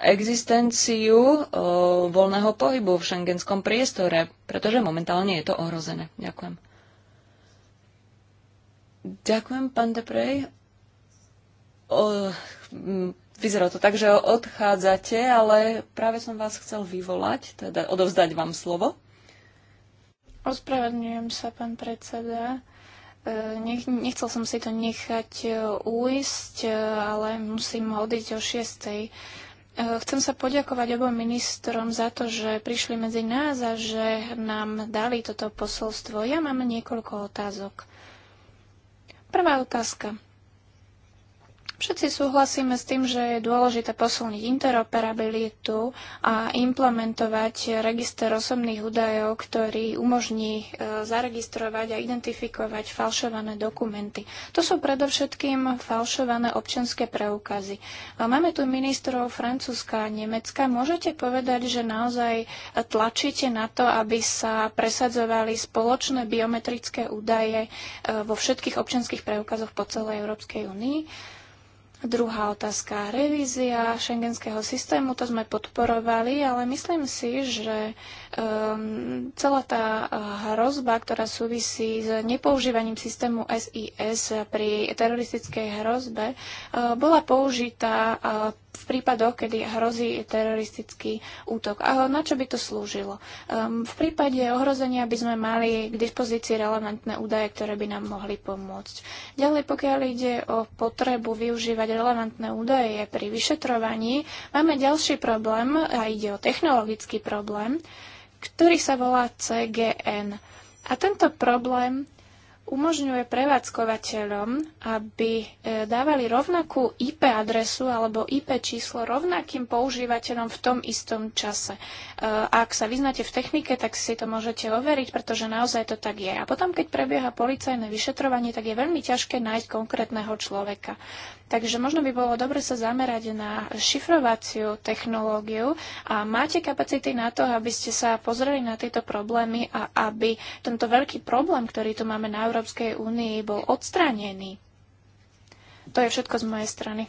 existenciu voľného pohybu v šengenskom priestore, pretože momentálne je to ohrozené. Ďakujem. Ďakujem, pán Deprej. Vyzerá to tak, že odchádzate, ale práve som vás chcel vyvolať, teda odovzdať vám slovo. Ospravedlňujem sa, pán predseda. E, nech, nechcel som si to nechať e, uísť, e, ale musím odísť o šiestej. Chcem sa poďakovať obom ministrom za to, že prišli medzi nás a že nám dali toto posolstvo. Ja mám niekoľko otázok. Prvá otázka. Všetci súhlasíme s tým, že je dôležité posilniť interoperabilitu a implementovať register osobných údajov, ktorý umožní e, zaregistrovať a identifikovať falšované dokumenty. To sú predovšetkým falšované občanské preukazy. Máme tu ministrov Francúzska a Nemecka. Môžete povedať, že naozaj tlačíte na to, aby sa presadzovali spoločné biometrické údaje e, vo všetkých občanských preukazoch po celej Európskej únii? Druhá otázka. Revízia šengenského systému, to sme podporovali, ale myslím si, že um, celá tá eh, hrozba, ktorá súvisí s nepoužívaním systému SIS pri teroristickej hrozbe, uh, bola použitá uh, v prípadoch, kedy hrozí teroristický útok. A na čo by to slúžilo? Um, v prípade ohrozenia by sme mali k dispozícii relevantné údaje, ktoré by nám mohli pomôcť. Ďalej, pokiaľ ide o potrebu využívať relevantné údaje pri vyšetrovaní, máme ďalší problém a ide o technologický problém ktorý sa volá CGN. A tento problém umožňuje prevádzkovateľom, aby e, dávali rovnakú IP adresu alebo IP číslo rovnakým používateľom v tom istom čase. E, ak sa vyznáte v technike, tak si to môžete overiť, pretože naozaj to tak je. A potom, keď prebieha policajné vyšetrovanie, tak je veľmi ťažké nájsť konkrétneho človeka. Takže možno by bolo dobre sa zamerať na šifrovaciu technológiu a máte kapacity na to, aby ste sa pozreli na tieto problémy a aby tento veľký problém, ktorý tu máme na Európe, Európskej únii bol odstranený. To je všetko z mojej strany.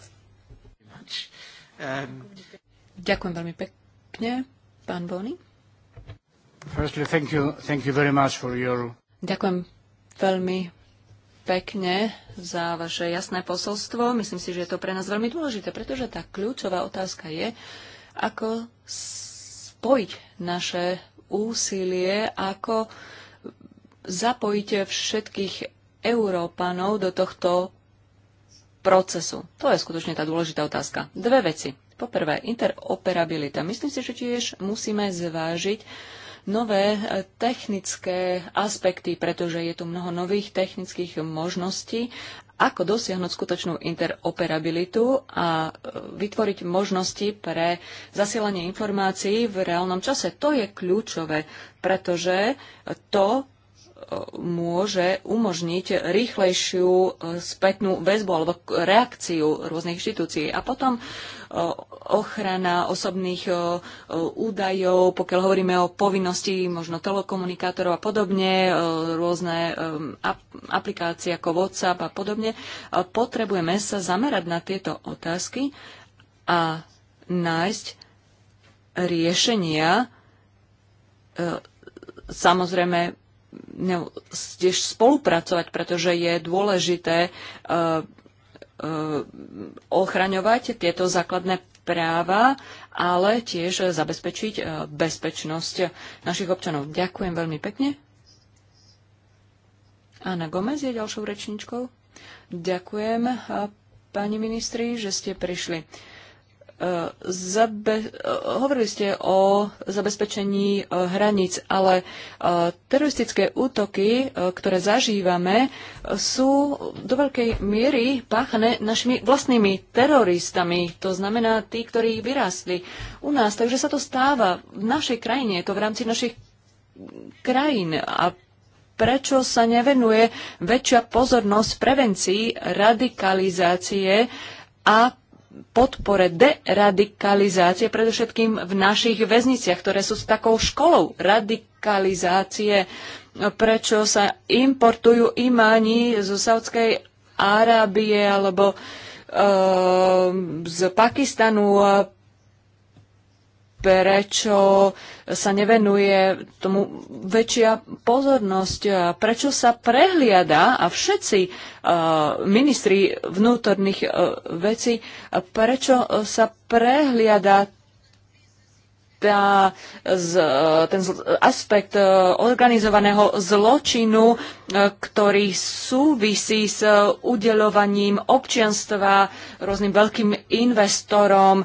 Um, Ďakujem veľmi pekne, pán Bony. Ďakujem veľmi pekne za vaše jasné posolstvo. Myslím si, že je to pre nás veľmi dôležité, pretože tá kľúčová otázka je, ako spojiť naše úsilie, ako uh, zapojíte všetkých Európanov do tohto procesu? To je skutočne tá dôležitá otázka. Dve veci. Poprvé, interoperabilita. Myslím si, že tiež musíme zvážiť nové e, technické aspekty, pretože je tu mnoho nových technických možností, ako dosiahnuť skutočnú interoperabilitu a e, vytvoriť možnosti pre zasielanie informácií v reálnom čase. To je kľúčové, pretože to môže umožniť rýchlejšiu e, spätnú väzbu alebo reakciu rôznych inštitúcií. A potom e, ochrana osobných e, údajov, pokiaľ hovoríme o povinnosti možno telekomunikátorov a podobne, rôzne aplikácie ako WhatsApp a podobne, potrebujeme sa zamerať na tieto otázky a nájsť riešenia samozrejme tiež spolupracovať, pretože je dôležité e, e, ochraňovať tieto základné práva, ale tiež zabezpečiť e, bezpečnosť našich občanov. Ďakujem veľmi pekne. Anna Gomez je ďalšou rečničkou. Ďakujem, pani ministri, že ste prišli. Zabe- hovorili ste o zabezpečení e, hraníc, ale e, teroristické útoky, e, ktoré zažívame, sú do veľkej miery páchané našimi vlastnými teroristami. To znamená tí, ktorí vyrástli u nás. Takže sa to stáva v našej krajine, je to v rámci našich krajín a prečo sa nevenuje väčšia pozornosť prevencii radikalizácie a podpore deradikalizácie, predovšetkým v našich väzniciach, ktoré sú s takou školou radikalizácie, prečo sa importujú imáni zo Saudskej Arábie alebo e, z Pakistanu prečo sa nevenuje tomu väčšia pozornosť, prečo sa prehliada a všetci e, ministri vnútorných e, vecí, prečo sa prehliada tá, teda z, e, ten aspekt e, organizovaného zločinu, e, ktorý súvisí s udeľovaním občianstva rôznym veľkým investorom,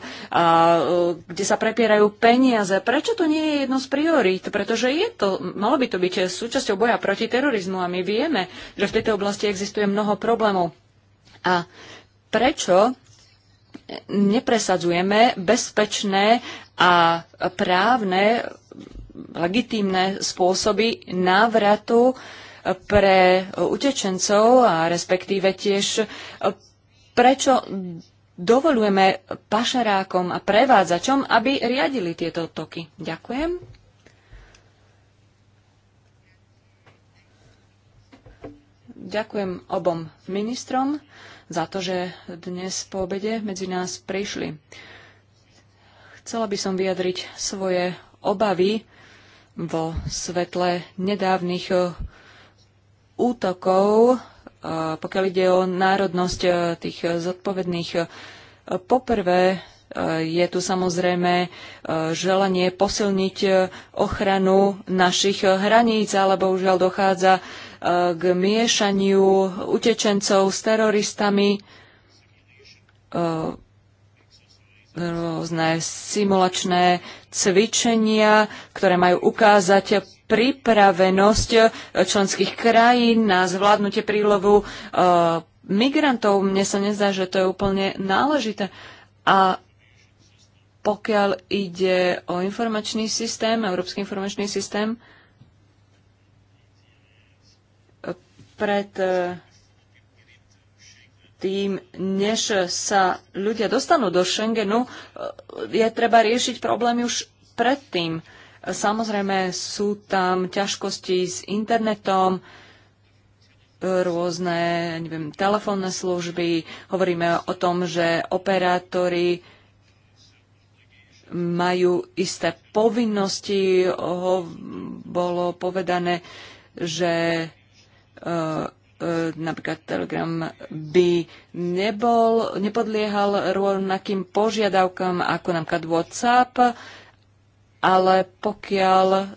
kde sa prepierajú peniaze. Prečo to nie je jedno z priorít? Pretože je to, malo by to byť súčasťou boja proti terorizmu a my vieme, že v tejto oblasti existuje mnoho problémov. A prečo nepresadzujeme bezpečné a právne legitímne spôsoby návratu pre utečencov a respektíve tiež prečo dovolujeme pašerákom a prevádzačom, aby riadili tieto toky. Ďakujem. Ďakujem obom ministrom za to, že dnes po obede medzi nás prišli. Chcela by som vyjadriť svoje obavy vo svetle nedávnych eh, útokov, eh, pokiaľ ide o národnosť eh, tých zodpovedných. Poprvé je tu samozrejme želanie posilniť ochranu našich hraníc, alebo už dochádza k miešaniu utečencov s teroristami, eh, rôzne simulačné cvičenia, ktoré majú ukázať pripravenosť členských krajín na zvládnutie prílovu eh, migrantov. Mne sa nezdá, že to je úplne náležité. A pokiaľ ide o informačný systém, Európsky informačný systém, pred e, tým, než sa ľudia dostanú do Schengenu, e, je treba riešiť problémy už predtým. Samozrejme sú tam ťažkosti s internetom, e, rôzne neviem, telefónne služby. Hovoríme o tom, že operátori majú isté povinnosti. bolo povedané, že E, e, napríklad Telegram by nebol, nepodliehal rovnakým požiadavkám ako napríklad WhatsApp, ale pokiaľ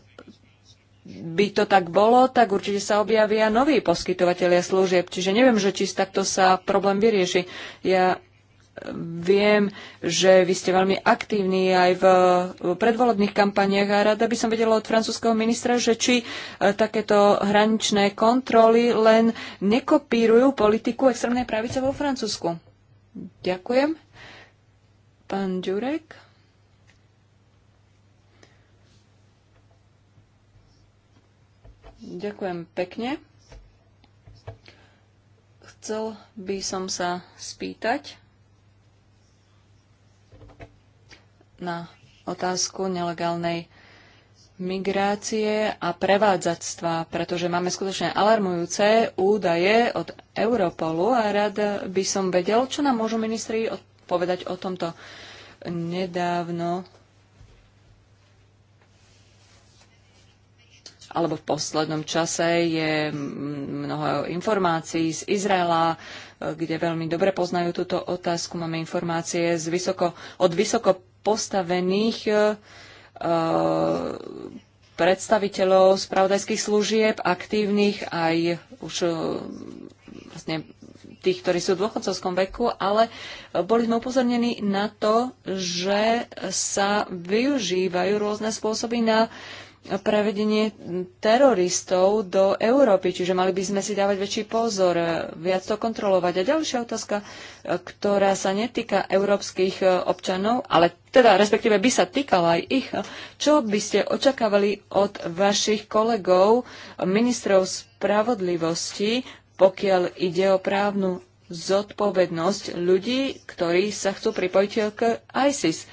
by to tak bolo, tak určite sa objavia noví poskytovateľia služieb. Čiže neviem, že či takto sa problém vyrieši. Ja Viem, že vy ste veľmi aktívni aj v predvolebných kampaniach a rada by som vedela od francúzského ministra, že či e, takéto hraničné kontroly len nekopírujú politiku extrémnej pravice vo Francúzsku. Ďakujem. Pán Ďurek. Ďakujem pekne. Chcel by som sa spýtať, na otázku nelegálnej migrácie a prevádzactva, pretože máme skutočne alarmujúce údaje od Europolu a rád by som vedel, čo nám môžu ministri povedať o tomto. Nedávno alebo v poslednom čase je mnoho informácií z Izraela, eh, kde veľmi dobre poznajú túto otázku. Máme informácie z vysoko, od vysoko postavených e, e, predstaviteľov spravodajských služieb, aktívnych aj už e, vlastne tých, ktorí sú v dôchodcovskom veku, ale boli sme upozornení na to, že sa využívajú rôzne spôsoby na uh, prevedenie teroristov do Európy, čiže mali by sme si dávať väčší pozor, viac to kontrolovať. A ďalšia otázka, ktorá sa netýka európskych e, občanov, ale teda respektíve by sa týkala aj ich. Čo by ste očakávali od vašich kolegov, ministrov spravodlivosti, pokiaľ ide o právnu zodpovednosť ľudí, ktorí sa chcú pripojiť k ISIS?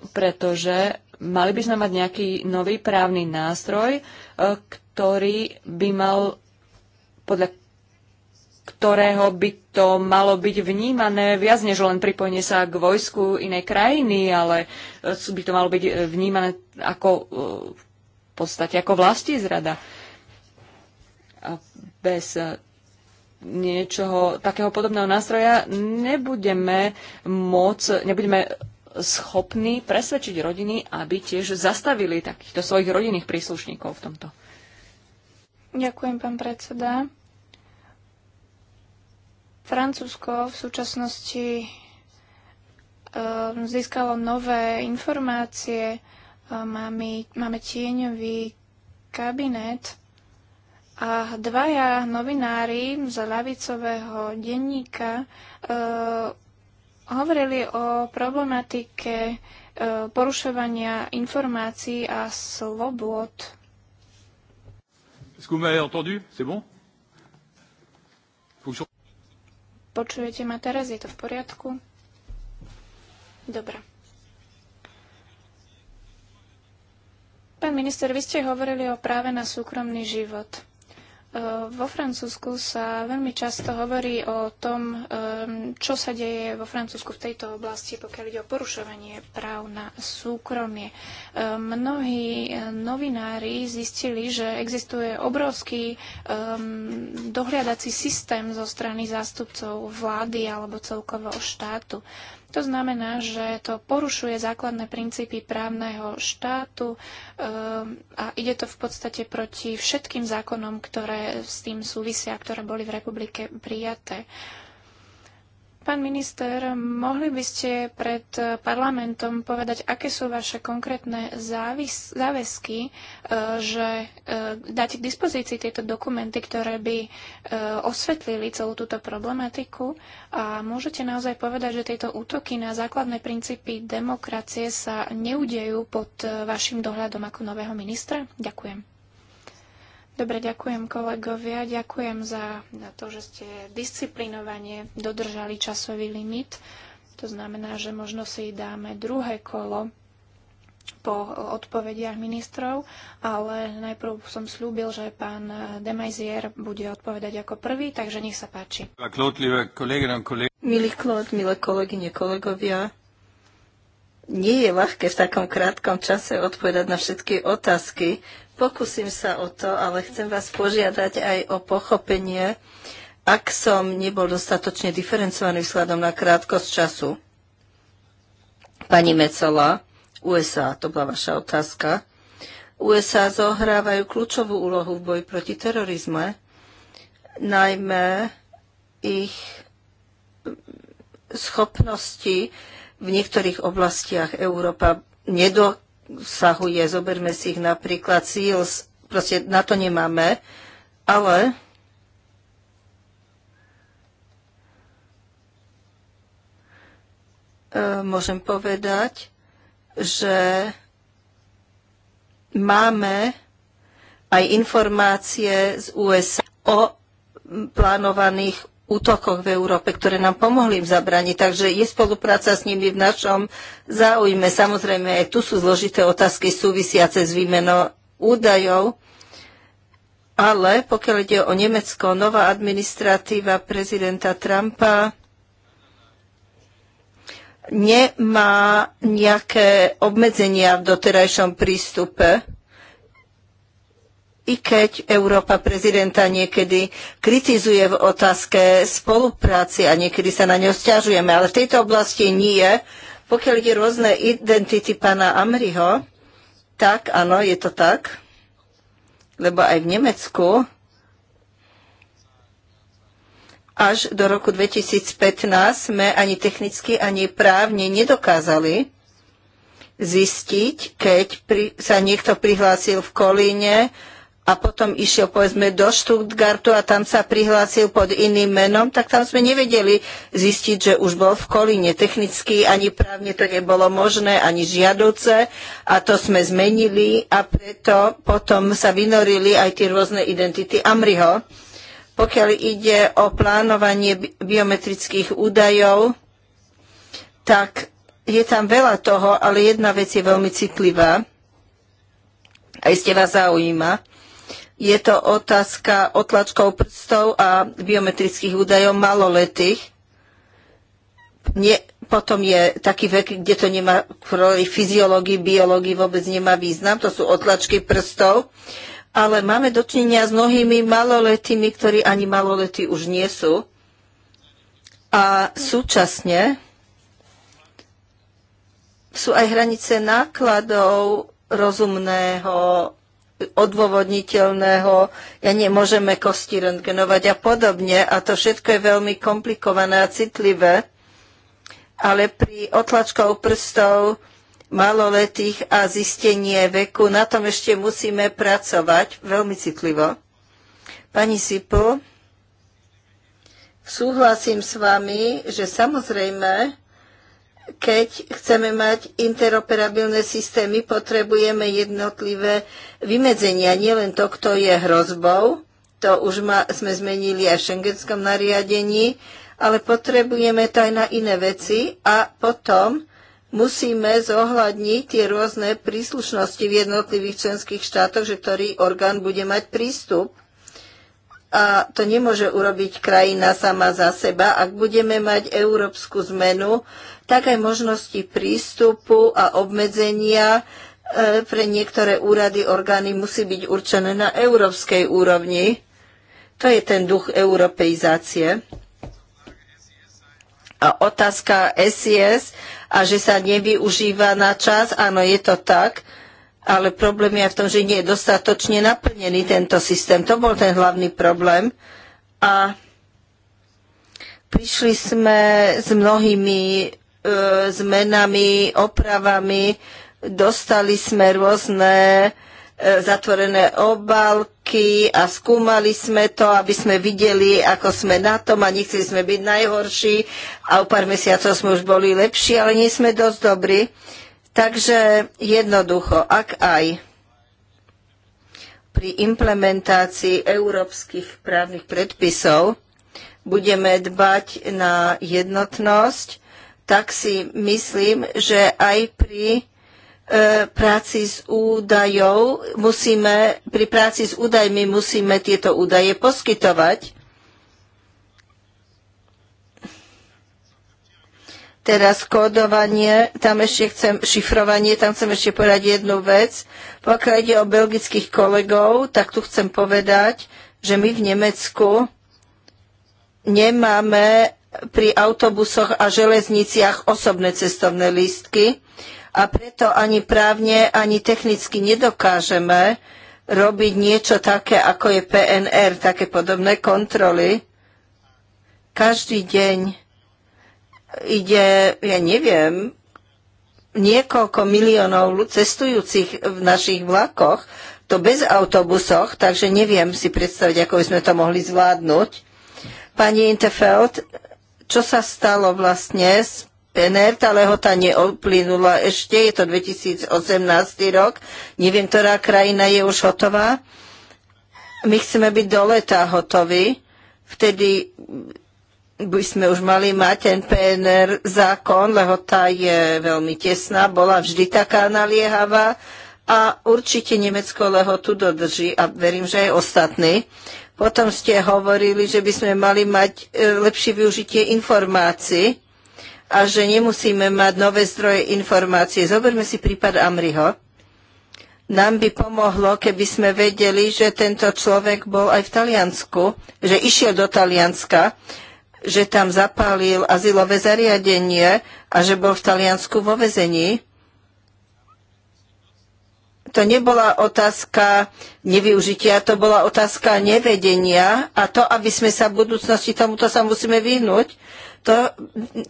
pretože mali by sme mať nejaký nový právny nástroj, e, ktorý by mal, podľa ktorého by to malo byť vnímané viac než len pripojenie sa k vojsku inej krajiny, ale e, by to malo byť e, vnímané ako v podstate ako vlasti zrada. Bez niečoho takého podobného nástroja nebudeme môcť, nebudeme schopní presvedčiť rodiny, aby tiež zastavili takýchto svojich rodinných príslušníkov v tomto. Ďakujem, pán predseda. Francúzsko v súčasnosti e, získalo nové informácie. Máme, máme tieňový kabinet a dvaja novinári z ľavicového denníka e, hovorili o problematike e, porušovania informácií a slobod. Počujete ma teraz? Je to v poriadku? Dobre. Pán minister, vy ste hovorili o práve na súkromný život. Ehm, vo Francúzsku sa veľmi často hovorí o tom, ehm, čo sa deje vo Francúzsku v tejto oblasti, pokiaľ ide o porušovanie práv na súkromie. Ehm, mnohí eh, novinári zistili, že existuje obrovský dohliadací systém zo strany zástupcov vlády alebo celkovo štátu. To znamená, že to porušuje základné princípy právneho štátu ehm, a ide to v podstate proti všetkým zákonom, ktoré s tým súvisia, ktoré boli v republike prijaté. Pán minister, mohli by ste pred parlamentom povedať, aké sú vaše konkrétne závis- záväzky, e, že dáte k dispozícii tieto dokumenty, ktoré by e, osvetlili celú túto problematiku a môžete naozaj povedať, že tieto útoky na základné princípy demokracie sa neudejú pod e, vašim dohľadom ako nového ministra? Ďakujem. Dobre, ďakujem kolegovia, ďakujem za to, že ste disciplinovane dodržali časový limit. To znamená, že možno si dáme druhé kolo po odpovediach ministrov, ale najprv som slúbil, že pán Demajzier bude odpovedať ako prvý, takže nech sa páči. Milý Klód, milé kolegyne, kolegovia, nie je ľahké v takom krátkom čase odpovedať na všetky otázky. Pokúsim sa o to, ale chcem vás požiadať aj o pochopenie, ak som nebol dostatočne diferencovaný vzhľadom na krátkosť času. Pani Mecola, USA, to bola vaša otázka. USA zohrávajú kľúčovú úlohu v boji proti terorizme, najmä ich schopnosti v niektorých oblastiach Európa nedokáže obsahuje. Zoberme si ich napríklad SEALS, proste na to nemáme, ale e, môžem povedať, že máme aj informácie z USA o plánovaných útokoch v Európe, ktoré nám pomohli im zabraniť. Takže je spolupráca s nimi v našom záujme. Samozrejme, aj tu sú zložité otázky súvisiace s výmenou údajov. Ale pokiaľ ide o Nemecko, nová administratíva prezidenta Trumpa nemá nejaké obmedzenia v doterajšom prístupe i keď Európa prezidenta niekedy kritizuje v otázke spolupráci a niekedy sa na ňo stiažujeme, ale v tejto oblasti nie. Pokiaľ ide rôzne identity pána Amriho, tak áno, je to tak, lebo aj v Nemecku až do roku 2015 sme ani technicky, ani právne nedokázali zistiť, keď pri, sa niekto prihlásil v Kolíne, a potom išiel povedzme do Stuttgartu a tam sa prihlásil pod iným menom, tak tam sme nevedeli zistiť, že už bol v Kolíne. Technicky ani právne to nebolo možné, ani žiaduce a to sme zmenili a preto potom sa vynorili aj tie rôzne identity Amriho. Pokiaľ ide o plánovanie biometrických údajov, tak je tam veľa toho, ale jedna vec je veľmi citlivá. a ste vás zaujíma je to otázka otlačkov prstov a biometrických údajov maloletých. Nie, potom je taký vek, kde to nemá kvôli fyziológii, biológii vôbec nemá význam. To sú otlačky prstov. Ale máme dočinenia s mnohými maloletými, ktorí ani maloletí už nie sú. A súčasne sú aj hranice nákladov rozumného odôvodniteľného, ja nemôžeme kosti rentgenovať a podobne. A to všetko je veľmi komplikované a citlivé. Ale pri otlačkov prstov maloletých a zistenie veku, na tom ešte musíme pracovať veľmi citlivo. Pani Sipu, súhlasím s vami, že samozrejme keď chceme mať interoperabilné systémy, potrebujeme jednotlivé vymedzenia, nielen to, kto je hrozbou, to už ma, sme zmenili aj v šengenskom nariadení, ale potrebujeme to aj na iné veci a potom musíme zohľadniť tie rôzne príslušnosti v jednotlivých členských štátoch, že ktorý orgán bude mať prístup. A to nemôže urobiť krajina sama za seba. Ak budeme mať európsku zmenu, tak aj možnosti prístupu a obmedzenia e, pre niektoré úrady, orgány musí byť určené na európskej úrovni. To je ten duch europeizácie. A otázka SIS a že sa nevyužíva na čas, áno, je to tak, ale problém je v tom, že nie je dostatočne naplnený tento systém. To bol ten hlavný problém. A prišli sme s mnohými E, zmenami, opravami. Dostali sme rôzne e, zatvorené obálky a skúmali sme to, aby sme videli, ako sme na tom a nechceli sme byť najhorší a o pár mesiacov sme už boli lepší, ale nie sme dosť dobrí. Takže jednoducho, ak aj pri implementácii európskych právnych predpisov budeme dbať na jednotnosť, tak si myslím, že aj pri e, práci s údajov musíme, pri práci s údajmi musíme tieto údaje poskytovať. Teraz kódovanie, tam ešte chcem, šifrovanie, tam chcem ešte povedať jednu vec. Pokiaľ ide o belgických kolegov, tak tu chcem povedať, že my v Nemecku nemáme pri autobusoch a železniciach osobné cestovné lístky a preto ani právne, ani technicky nedokážeme robiť niečo také, ako je PNR, také podobné kontroly. Každý deň ide, ja neviem, niekoľko miliónov cestujúcich v našich vlakoch, to bez autobusoch, takže neviem si predstaviť, ako by sme to mohli zvládnuť. Pani Interfeld, čo sa stalo vlastne s PNR, tá lehota neoplynula ešte, je to 2018 rok, neviem, ktorá krajina je už hotová. My chceme byť do leta hotoví, vtedy by sme už mali mať ten PNR zákon, lehota je veľmi tesná, bola vždy taká naliehavá a určite Nemecko lehotu dodrží a verím, že aj ostatní. Potom ste hovorili, že by sme mali mať e, lepšie využitie informácií a že nemusíme mať nové zdroje informácie. Zoberme si prípad Amriho. Nám by pomohlo, keby sme vedeli, že tento človek bol aj v Taliansku, že išiel do Talianska, že tam zapálil azylové zariadenie a že bol v Taliansku vo vezení to nebola otázka nevyužitia, to bola otázka nevedenia a to, aby sme sa v budúcnosti tomuto sa musíme vyhnúť, to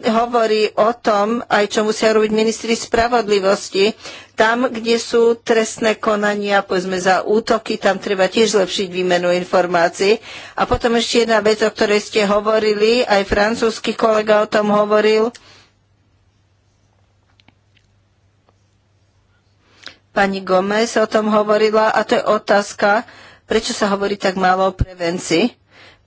hovorí o tom, aj čo musia robiť ministri spravodlivosti. Tam, kde sú trestné konania, povedzme za útoky, tam treba tiež zlepšiť výmenu informácií. A potom ešte jedna vec, o ktorej ste hovorili, aj francúzsky kolega o tom hovoril, Pani Gomez o tom hovorila a to je otázka, prečo sa hovorí tak málo o prevencii.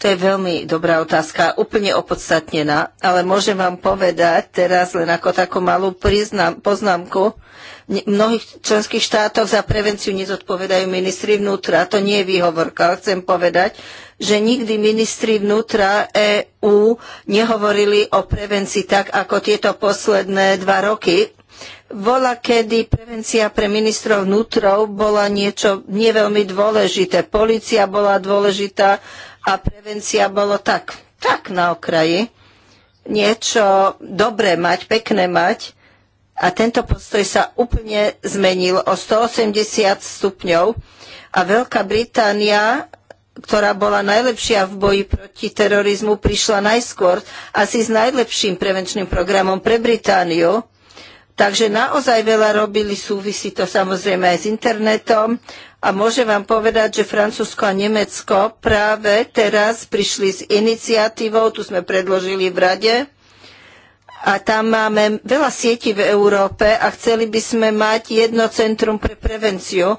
To je veľmi dobrá otázka, úplne opodstatnená, ale môžem vám povedať teraz len ako takú malú priznam, poznámku. V mnohých členských štátoch za prevenciu nezodpovedajú ministri vnútra. To nie je výhovorka. Chcem povedať, že nikdy ministri vnútra EÚ nehovorili o prevencii tak, ako tieto posledné dva roky bola, kedy prevencia pre ministrov vnútrov bola niečo neveľmi veľmi dôležité. Polícia bola dôležitá a prevencia bolo tak, tak na okraji. Niečo dobré mať, pekné mať. A tento postoj sa úplne zmenil o 180 stupňov. A Veľká Británia ktorá bola najlepšia v boji proti terorizmu, prišla najskôr asi s najlepším prevenčným programom pre Britániu. Takže naozaj veľa robili, súvisí to samozrejme aj s internetom a môžem vám povedať, že Francúzsko a Nemecko práve teraz prišli s iniciatívou, tu sme predložili v rade a tam máme veľa sietí v Európe a chceli by sme mať jedno centrum pre prevenciu,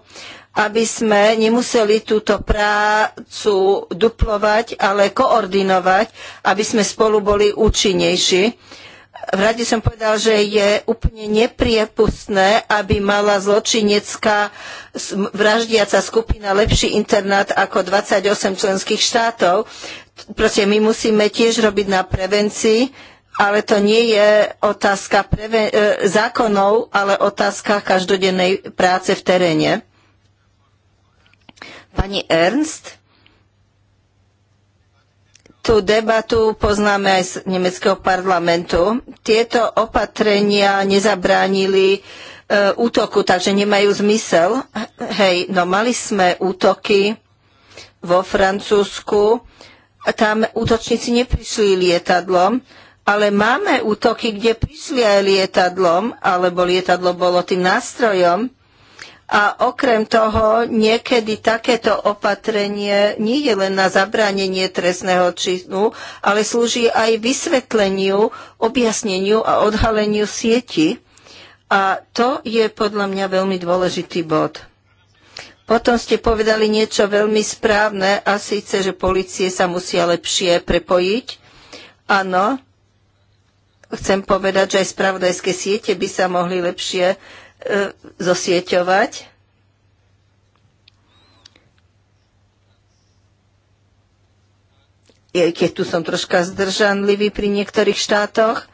aby sme nemuseli túto prácu duplovať, ale koordinovať, aby sme spolu boli účinnejší v rade som povedal, že je úplne nepriepustné, aby mala zločinecká vraždiaca skupina lepší internát ako 28 členských štátov. Proste my musíme tiež robiť na prevencii, ale to nie je otázka e, zákonov, ale otázka každodennej práce v teréne. Pani Ernst? tú debatu poznáme aj z nemeckého parlamentu. Tieto opatrenia nezabránili e, útoku, takže nemajú zmysel. Hej, no mali sme útoky vo Francúzsku, tam útočníci neprišli lietadlom, ale máme útoky, kde prišli aj lietadlom, alebo lietadlo bolo tým nástrojom. A okrem toho, niekedy takéto opatrenie nie je len na zabránenie trestného činu, ale slúži aj vysvetleniu, objasneniu a odhaleniu sieti. A to je podľa mňa veľmi dôležitý bod. Potom ste povedali niečo veľmi správne a síce, že policie sa musia lepšie prepojiť. Áno, chcem povedať, že aj spravodajské siete by sa mohli lepšie E, zosieťovať. Keď tu som troška zdržanlivý pri niektorých štátoch,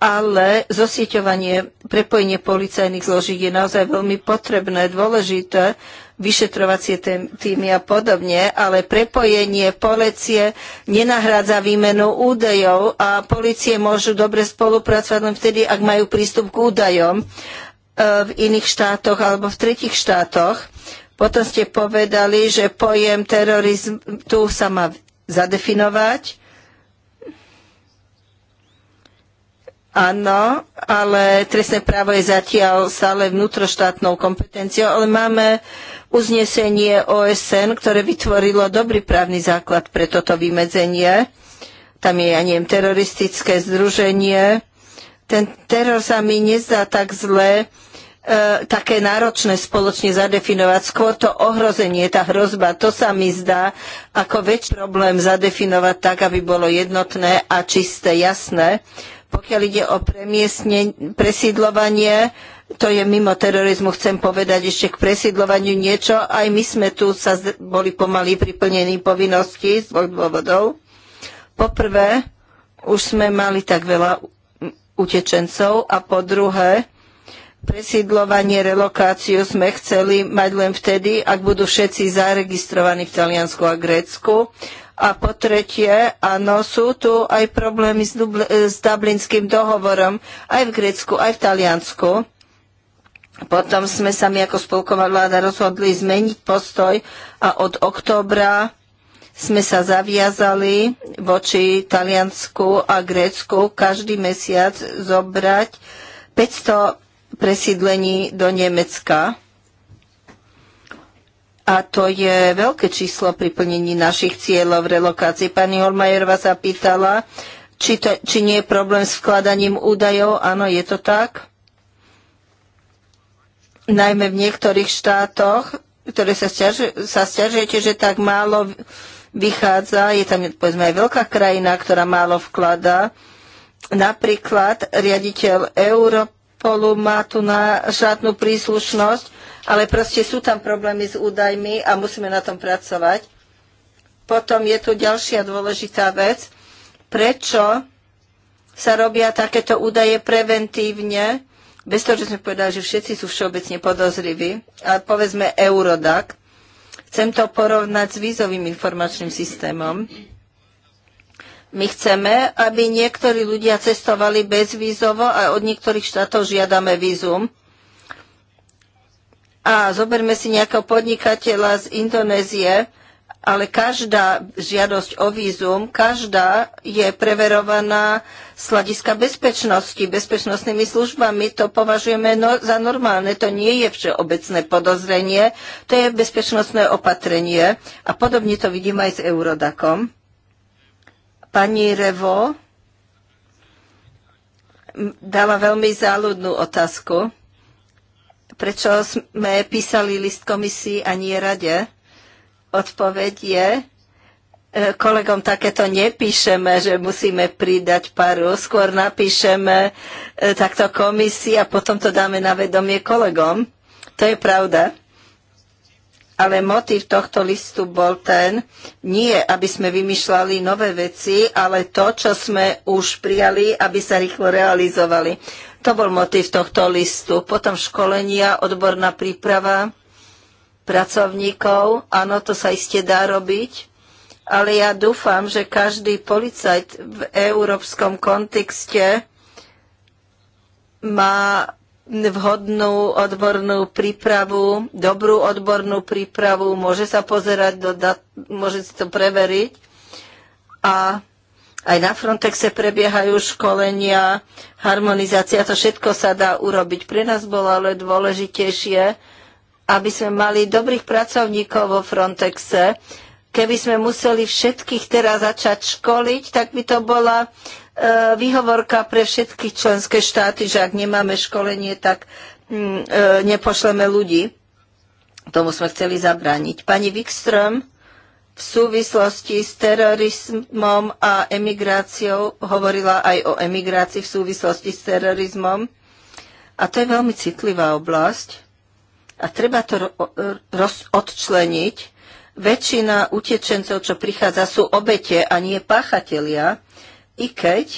ale zosieťovanie, prepojenie policajných zložiek je naozaj veľmi potrebné, dôležité, vyšetrovacie týmy a podobne, ale prepojenie policie nenahrádza výmenu údajov a policie môžu dobre spolupracovať len vtedy, ak majú prístup k údajom. E, v iných štátoch alebo v tretich štátoch. Potom ste povedali, že pojem terorizm tu sa má zadefinovať. Áno, ale trestné právo je zatiaľ stále vnútroštátnou kompetenciou, ale máme uznesenie OSN, ktoré vytvorilo dobrý právny základ pre toto vymedzenie. Tam je, ja neviem, teroristické združenie. Ten teror sa mi nezdá tak zle, E, také náročné spoločne zadefinovať. Skôr to ohrozenie, tá hrozba, to sa mi zdá ako väčší problém zadefinovať tak, aby bolo jednotné a čisté, jasné. Pokiaľ ide o presídlovanie, to je mimo terorizmu, chcem povedať ešte k presídlovaniu niečo. Aj my sme tu sa boli pomaly priplnení povinností z dvoch dôvodov. Poprvé, už sme mali tak veľa utečencov a po druhé, Presídlovanie, relokáciu sme chceli mať len vtedy, ak budú všetci zaregistrovaní v Taliansku a Grécku. A po tretie, áno, sú tu aj problémy s, Dubl- s Dublinským dohovorom aj v Grécku, aj v Taliansku. Potom sme sa my ako spolková vláda rozhodli zmeniť postoj a od októbra sme sa zaviazali voči Taliansku a Grécku každý mesiac zobrať 500 presídlení do Nemecka. A to je veľké číslo pri plnení našich cieľov v relokácii. Pani Holmajerová sa pýtala, či, to, či nie je problém s vkladaním údajov. Áno, je to tak. Najmä v niektorých štátoch, ktoré sa, stiažu, sa stiažujete, že tak málo vychádza. Je tam, povedzme, aj veľká krajina, ktorá málo vklada. Napríklad riaditeľ Európy spolu, má tu na žiadnu príslušnosť, ale proste sú tam problémy s údajmi a musíme na tom pracovať. Potom je tu ďalšia dôležitá vec. Prečo sa robia takéto údaje preventívne, bez toho, že sme povedali, že všetci sú všeobecne podozriví, a povedzme Eurodac. Chcem to porovnať s vízovým informačným systémom. My chceme, aby niektorí ľudia cestovali bezvízovo a od niektorých štátov žiadame vízum. A zoberme si nejakého podnikateľa z Indonézie, ale každá žiadosť o vízum, každá je preverovaná z hľadiska bezpečnosti, bezpečnostnými službami. To považujeme no, za normálne. To nie je všeobecné podozrenie, to je bezpečnostné opatrenie. A podobne to vidím aj s Eurodakom. Pani Revo dala veľmi záľudnú otázku. Prečo sme písali list komisii a nie rade? Odpoveď je, e, kolegom takéto nepíšeme, že musíme pridať paru, skôr napíšeme e, takto komisii a potom to dáme na vedomie kolegom. To je pravda ale motív tohto listu bol ten, nie aby sme vymýšľali nové veci, ale to, čo sme už prijali, aby sa rýchlo realizovali. To bol motív tohto listu. Potom školenia, odborná príprava pracovníkov. Áno, to sa iste dá robiť. Ale ja dúfam, že každý policajt v európskom kontexte má vhodnú odbornú prípravu, dobrú odbornú prípravu, môže sa pozerať, do dat, môže si to preveriť. A aj na Frontexe prebiehajú školenia, harmonizácia, to všetko sa dá urobiť. Pre nás bolo ale dôležitejšie, aby sme mali dobrých pracovníkov vo Frontexe. Keby sme museli všetkých teraz začať školiť, tak by to bola E, výhovorka pre všetky členské štáty, že ak nemáme školenie, tak mm, e, nepošleme ľudí. Tomu sme chceli zabrániť. Pani Wikström v súvislosti s terorizmom a emigráciou hovorila aj o emigrácii v súvislosti s terorizmom. A to je veľmi citlivá oblasť a treba to roz- odčleniť. Väčšina utečencov, čo prichádza, sú obete a nie páchatelia. I keď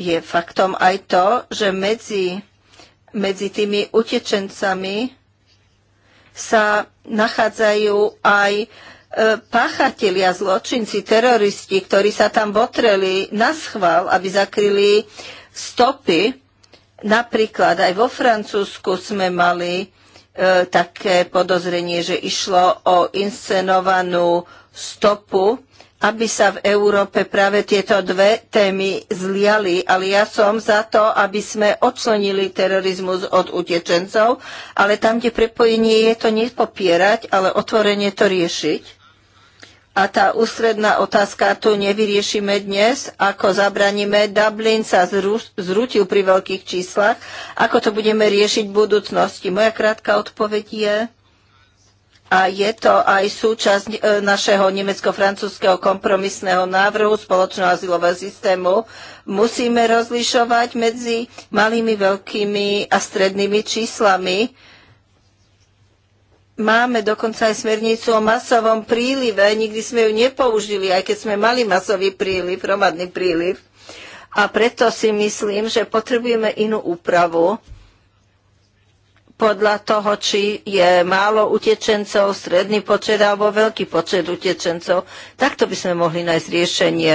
je faktom aj to, že medzi, medzi tými utečencami sa nachádzajú aj e, páchatelia, zločinci, teroristi, ktorí sa tam botreli na schvál, aby zakryli stopy. Napríklad aj vo Francúzsku sme mali e, také podozrenie, že išlo o inscenovanú stopu aby sa v Európe práve tieto dve témy zliali, ale ja som za to, aby sme odčlenili terorizmus od utečencov, ale tam, kde prepojenie je to nepopierať, ale otvorene to riešiť. A tá ústredná otázka tu nevyriešime dnes, ako zabraníme. Dublin sa zru, zrutil pri veľkých číslach. Ako to budeme riešiť v budúcnosti? Moja krátka odpoveď je, a je to aj súčasť e, našeho nemecko-francúzského kompromisného návrhu spoločného azylového systému. Musíme rozlišovať medzi malými, veľkými a strednými číslami. Máme dokonca aj smernicu o masovom prílive, nikdy sme ju nepoužili, aj keď sme mali masový príliv, hromadný príliv. A preto si myslím, že potrebujeme inú úpravu podľa toho, či je málo utečencov, stredný počet alebo veľký počet utečencov. Takto by sme mohli nájsť riešenie.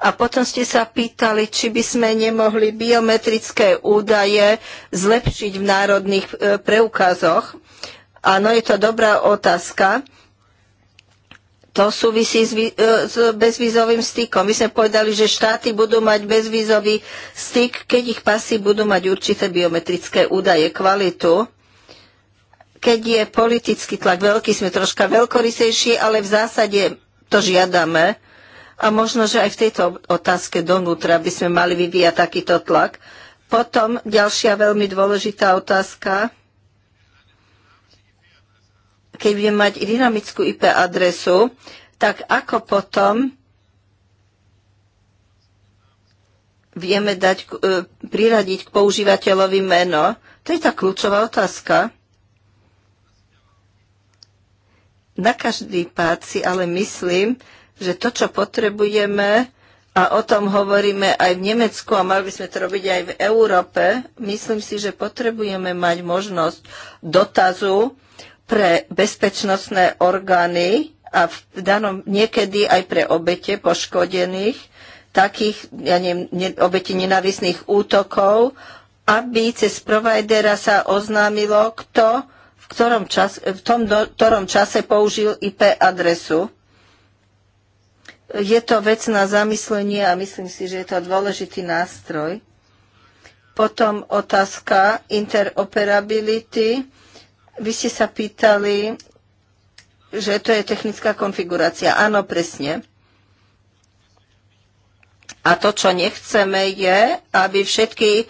A potom ste sa pýtali, či by sme nemohli biometrické údaje zlepšiť v národných e, preukazoch. Áno, je to dobrá otázka to súvisí s, e, s bezvízovým stykom. My sme povedali, že štáty budú mať bezvízový styk, keď ich pasy budú mať určité biometrické údaje, kvalitu. Keď je politický tlak veľký, sme troška veľkorysejší, ale v zásade to žiadame. A možno, že aj v tejto otázke donútra by sme mali vyvíjať takýto tlak. Potom ďalšia veľmi dôležitá otázka keď budem mať dynamickú IP adresu, tak ako potom vieme dať, e, priradiť k používateľovi meno? To je tá kľúčová otázka. Na každý pád si ale myslím, že to, čo potrebujeme, a o tom hovoríme aj v Nemecku a mali by sme to robiť aj v Európe, myslím si, že potrebujeme mať možnosť dotazu, pre bezpečnostné orgány a v danom niekedy aj pre obete poškodených, takých, ja neviem, obete nenavisných útokov, aby cez providera sa oznámilo, kto v ktorom, čas, v tom, do, ktorom čase použil IP adresu. Je to vec na zamyslenie a myslím si, že je to dôležitý nástroj. Potom otázka interoperability vy ste sa pýtali, že to je technická konfigurácia. Áno, presne. A to, čo nechceme, je, aby všetky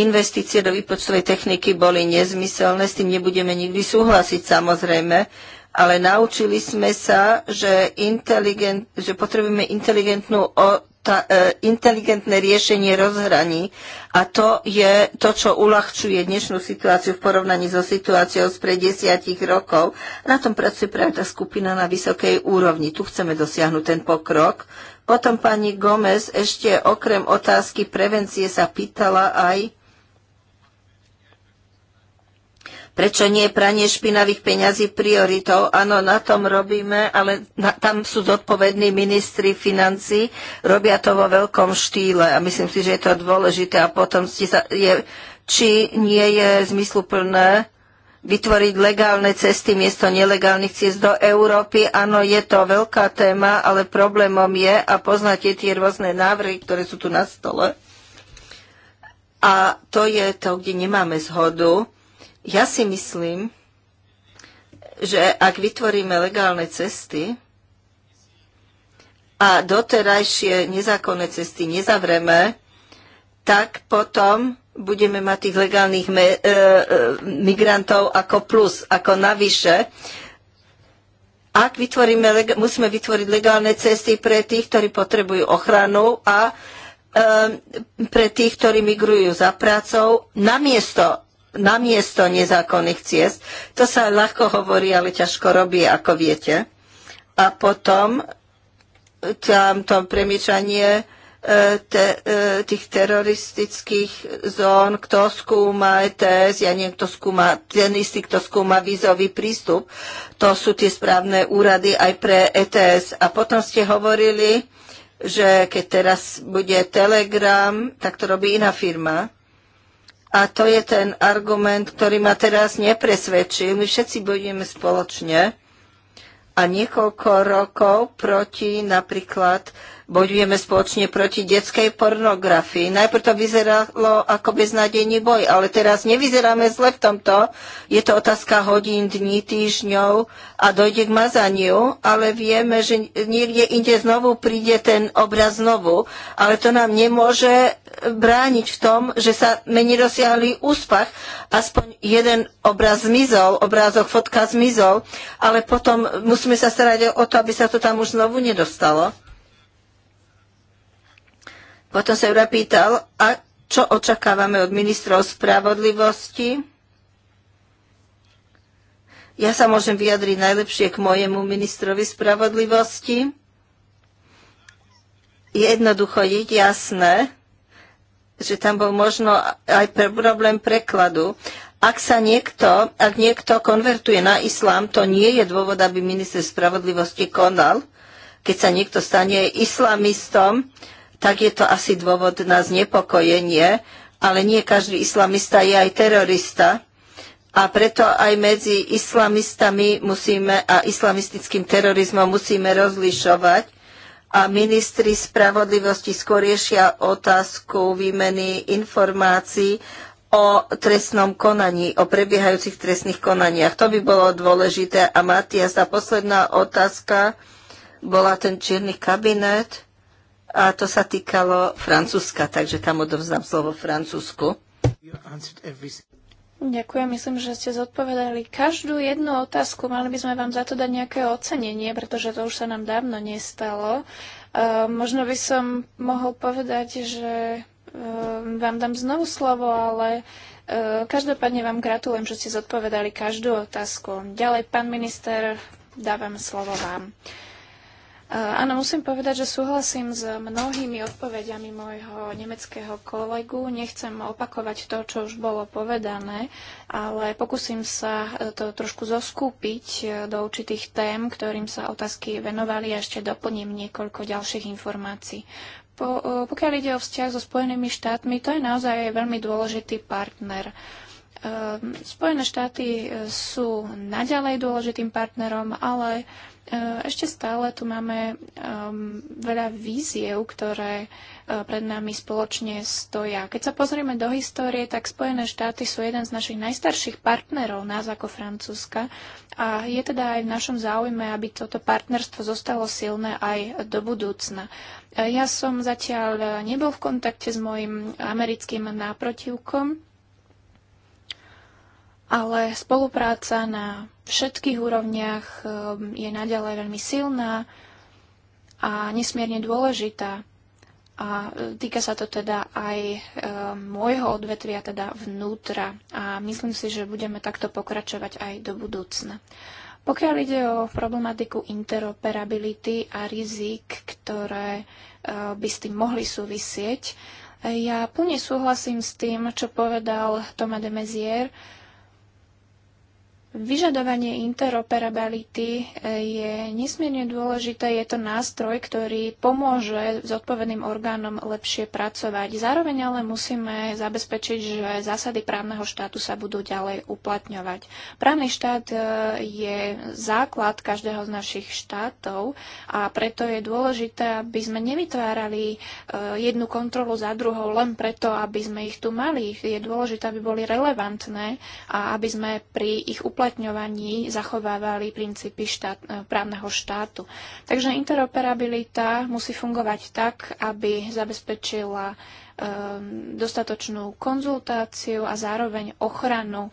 investície do výpočtovej techniky boli nezmyselné, s tým nebudeme nikdy súhlasiť samozrejme, ale naučili sme sa, že, inteligent, že potrebujeme inteligentnú tá, e, inteligentné riešenie rozhraní. A to je to, čo uľahčuje dnešnú situáciu v porovnaní so situáciou pred desiatich rokov. Na tom pracuje práve tá skupina na vysokej úrovni. Tu chceme dosiahnuť ten pokrok. Potom pani Gomez ešte okrem otázky prevencie sa pýtala aj Prečo nie pranie špinavých peňazí prioritou? Áno, na tom robíme, ale na, tam sú zodpovední ministri financí, robia to vo veľkom štýle a myslím si, že je to dôležité a potom si sa, je, či nie je zmysluplné vytvoriť legálne cesty miesto nelegálnych ciest do Európy. Áno, je to veľká téma, ale problémom je, a poznáte tie rôzne návrhy, ktoré sú tu na stole, a to je to, kde nemáme zhodu, ja si myslím, že ak vytvoríme legálne cesty a doterajšie nezákonné cesty nezavreme, tak potom budeme mať tých legálnych me, e, e, migrantov ako plus, ako navyše. Ak vytvoríme, musíme vytvoriť legálne cesty pre tých, ktorí potrebujú ochranu a e, pre tých, ktorí migrujú za prácou, namiesto namiesto nezákonných ciest. To sa ľahko hovorí, ale ťažko robí, ako viete. A potom e, tam to premiečanie e, te, e, tých teroristických zón, kto skúma ETS, ja kto skúma, ten istý, kto skúma vízový prístup, to sú tie správne úrady aj pre ETS. A potom ste hovorili, že keď teraz bude Telegram, tak to robí iná firma. A to je ten argument, ktorý ma teraz nepresvedčil. My všetci budeme spoločne a niekoľko rokov proti napríklad bojujeme spoločne proti detskej pornografii. Najprv to vyzeralo ako beznádejný boj, ale teraz nevyzeráme zle v tomto. Je to otázka hodín, dní, týždňov a dojde k mazaniu, ale vieme, že niekde inde znovu príde ten obraz znovu. Ale to nám nemôže brániť v tom, že sa meni dosiahli úspach. Aspoň jeden obraz zmizol, obrázok, fotka zmizol, ale potom musíme sa starať o to, aby sa to tam už znovu nedostalo. Potom sa Jura pýtal, a čo očakávame od ministrov spravodlivosti? Ja sa môžem vyjadriť najlepšie k mojemu ministrovi spravodlivosti. Jednoducho je jasné, že tam bol možno aj problém prekladu. Ak sa niekto, ak niekto konvertuje na islám, to nie je dôvod, aby minister spravodlivosti konal. Keď sa niekto stane islamistom, tak je to asi dôvod na znepokojenie, ale nie každý islamista je aj terorista. A preto aj medzi islamistami musíme a islamistickým terorizmom musíme rozlišovať a ministri spravodlivosti skôr riešia otázku výmeny informácií o trestnom konaní, o prebiehajúcich trestných konaniach. To by bolo dôležité. A Matias, tá posledná otázka bola ten čierny kabinet a to sa týkalo Francúzska, takže tam odovzdám slovo Francúzsku. Ďakujem, myslím, že ste zodpovedali každú jednu otázku. Mali by sme vám za to dať nejaké ocenenie, pretože to už sa nám dávno nestalo. Uh, možno by som mohol povedať, že uh, vám dám znovu slovo, ale uh, každopádne vám gratulujem, že ste zodpovedali každú otázku. Ďalej, pán minister, dávam slovo vám. Uh, Eh, áno, musím povedať, že súhlasím s mnohými odpovediami môjho nemeckého kolegu. Nechcem opakovať to, čo už bolo povedané, ale pokúsim sa eh, to trošku zoskúpiť eh, do určitých tém, ktorým sa otázky venovali a ešte doplním niekoľko ďalších informácií. Po, pokiaľ ide o vzťah so Spojenými štátmi, to je naozaj veľmi dôležitý partner. Ehm, Spojené štáty e, sú naďalej dôležitým partnerom, ale e, ešte stále tu máme ehm, veľa víziev, ktoré e, pred nami spoločne stoja. Keď sa pozrieme do histórie, tak Spojené štáty sú jeden z našich najstarších partnerov, nás ako Francúzska. A je teda aj v našom záujme, aby toto partnerstvo zostalo silné aj do budúcna. Ja som zatiaľ nebol v kontakte s mojim americkým náprotivkom, ale spolupráca na všetkých úrovniach um, je naďalej veľmi silná a nesmierne dôležitá. A uh, týka sa to teda aj um, môjho odvetvia, teda vnútra. A myslím si, že budeme takto pokračovať aj do budúcna. Pokiaľ ide o problematiku interoperability a rizik, ktoré uh, by s tým mohli súvisieť, ja plne súhlasím s tým, čo povedal Thomas de Maizière, Vyžadovanie interoperability eh, je nesmierne dôležité. Je to nástroj, ktorý pomôže zodpovedným orgánom lepšie pracovať. Zároveň ale musíme zabezpečiť, že zásady právneho štátu sa budú ďalej uplatňovať. Právny štát eh, je základ každého z našich štátov a preto je dôležité, aby sme nevytvárali eh, jednu kontrolu za druhou len preto, aby sme ich tu mali. Je dôležité, aby boli relevantné a aby sme pri ich uplatňovaní uplatňovaní zachovávali princípy štát, e, právneho štátu. Takže interoperabilita musí fungovať tak, aby zabezpečila e, dostatočnú konzultáciu a zároveň ochranu e,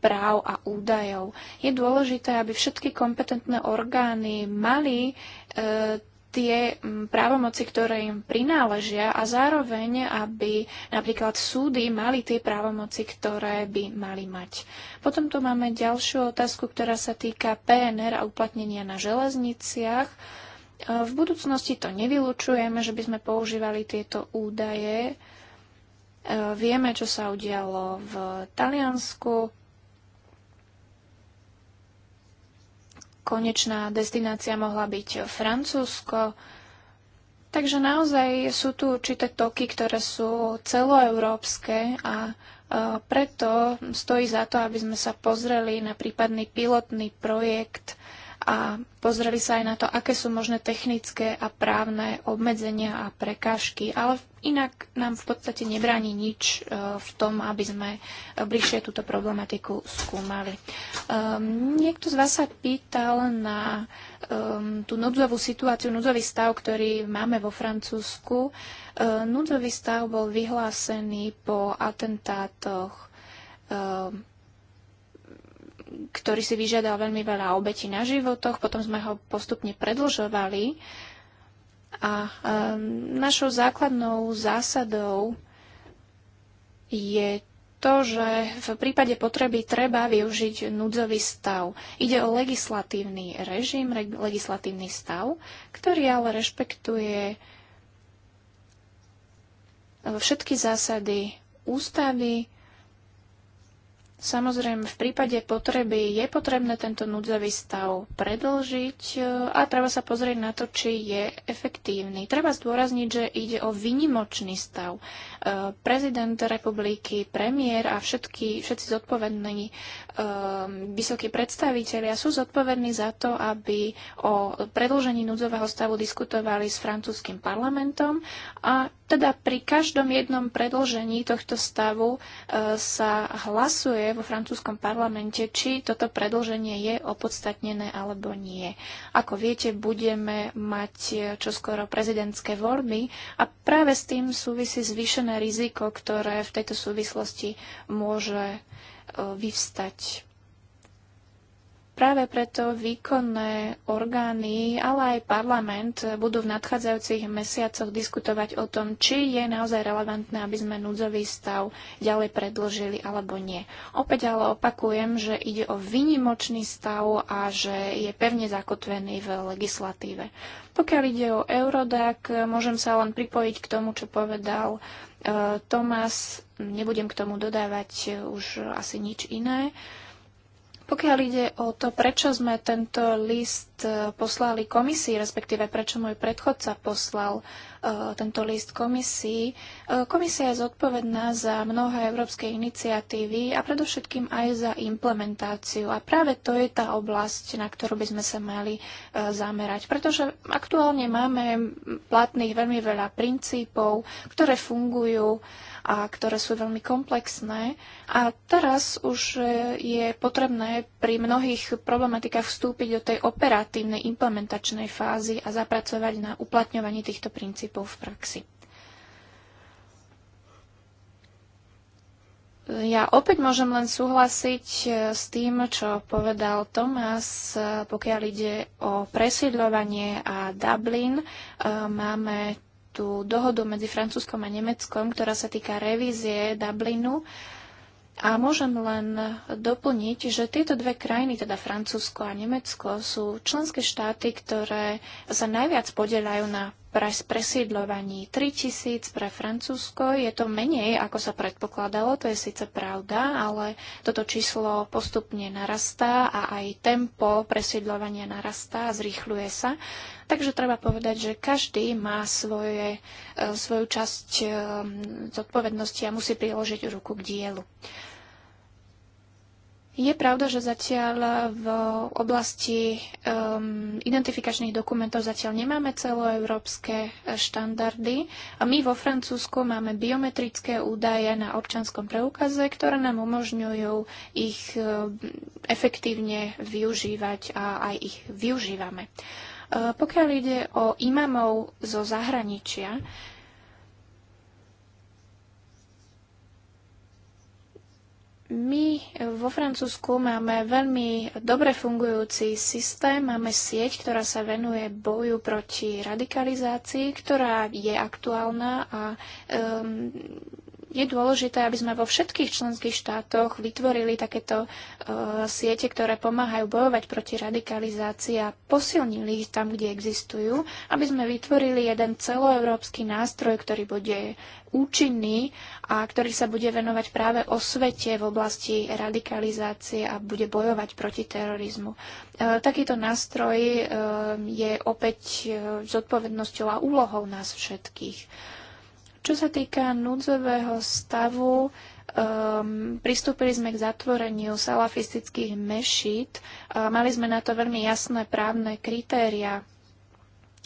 práv a údajov. Je dôležité, aby všetky kompetentné orgány mali tie mm, právomoci, ktoré im prináležia a zároveň, aby napríklad súdy mali tie právomoci, ktoré by mali mať. Potom tu máme ďalšiu otázku, ktorá sa týka PNR a uplatnenia na železniciach. E, v budúcnosti to nevylučujeme, že by sme používali tieto údaje. E, vieme, čo sa udialo v Taliansku, konečná destinácia mohla byť Francúzsko. Takže naozaj sú tu určité toky, ktoré sú celoeurópske a e, preto stojí za to, aby sme sa pozreli na prípadný pilotný projekt a pozreli sa aj na to, aké sú možné technické a právne obmedzenia a prekážky, ale inak nám v podstate nebráni nič e, v tom, aby sme bližšie túto problematiku skúmali. Um, niekto z vás sa pýtal na um, tú núdzovú situáciu, núdzový stav, ktorý máme vo Francúzsku. Um, núdzový stav bol vyhlásený po atentátoch um, ktorý si vyžiadal veľmi veľa obetí na životoch, potom sme ho postupne predlžovali a ehm, našou základnou zásadou je to, že v prípade potreby treba využiť núdzový stav. Ide o legislatívny režim, legislatívny stav, ktorý ale rešpektuje všetky zásady ústavy, Samozrejme, v prípade potreby je potrebné tento núdzový stav predlžiť e, a treba sa pozrieť na to, či je efektívny. Treba zdôrazniť, že ide o vynimočný stav. E, prezident republiky, premiér a všetky, všetci zodpovední e, vysokí predstavitelia sú zodpovední za to, aby o predlžení núdzového stavu diskutovali s francúzským parlamentom a teda pri každom jednom predlžení tohto stavu sa hlasuje diskutuje vo francúzskom parlamente, či toto predlženie je opodstatnené alebo nie. Ako viete, budeme mať eh, čoskoro prezidentské voľby a práve s tým súvisí zvýšené riziko, ktoré v tejto súvislosti môže eh, vyvstať. Práve preto výkonné orgány, ale aj parlament budú v nadchádzajúcich mesiacoch diskutovať o tom, či je naozaj relevantné, aby sme núdzový stav ďalej predložili alebo nie. Opäť ale opakujem, že ide o výnimočný stav a že je pevne zakotvený v legislatíve. Pokiaľ ide o Eurodac, môžem sa len pripojiť k tomu, čo povedal e, Tomás. Nebudem k tomu dodávať už asi nič iné. Pokiaľ ide o to, prečo sme tento list e, poslali komisii, respektíve prečo môj predchodca poslal e, tento list komisii, e, komisia je zodpovedná za mnohé európske iniciatívy a predovšetkým aj za implementáciu. A práve to je tá oblasť, na ktorú by sme sa mali zamerať, pretože aktuálne máme platných veľmi veľa princípov, ktoré fungujú a ktoré sú veľmi komplexné. A teraz už e, je potrebné pri mnohých problematikách vstúpiť do tej operatívnej implementačnej fázy a zapracovať na uplatňovanie týchto princípov v praxi. Ja opäť môžem len súhlasiť e, s tým, čo povedal Tomás, e, pokiaľ ide o presídľovanie a Dublin. Máme tú dohodu medzi Francúzskom a Nemeckom, ktorá sa týka revízie Dublinu. A môžem len doplniť, že tieto dve krajiny, teda Francúzsko a Nemecko, sú členské štáty, ktoré sa najviac podelajú na pre presídľovaní 3000 pre Francúzsko. Je to menej, ako sa predpokladalo, to je síce pravda, ale toto číslo postupne narastá a aj tempo presídľovania narastá, a zrýchľuje sa. Takže treba povedať, že každý má svoje, e, svoju časť e, zodpovednosti a musí priložiť ruku k dielu. Je pravda, že zatiaľ v oblasti um, identifikačných dokumentov zatiaľ nemáme celoeurópske štandardy. A my vo Francúzsku máme biometrické údaje na občanskom preukaze, ktoré nám umožňujú ich um, efektívne využívať a aj ich využívame. Uh, pokiaľ ide o imamov zo zahraničia, uh, My vo Francúzsku máme veľmi dobre fungujúci systém, máme sieť, ktorá sa venuje boju proti radikalizácii, ktorá je aktuálna a um, je dôležité, aby sme vo všetkých členských štátoch vytvorili takéto e, siete, ktoré pomáhajú bojovať proti radikalizácii a posilnili ich tam, kde existujú, aby sme vytvorili jeden celoeurópsky nástroj, ktorý bude účinný a ktorý sa bude venovať práve o svete v oblasti radikalizácie a bude bojovať proti terorizmu. E, takýto nástroj e, je opäť e, zodpovednosťou a úlohou nás všetkých. Čo sa týka núdzového stavu, um, pristúpili sme k zatvoreniu salafistických mešít. Um, mali sme na to veľmi jasné právne kritéria.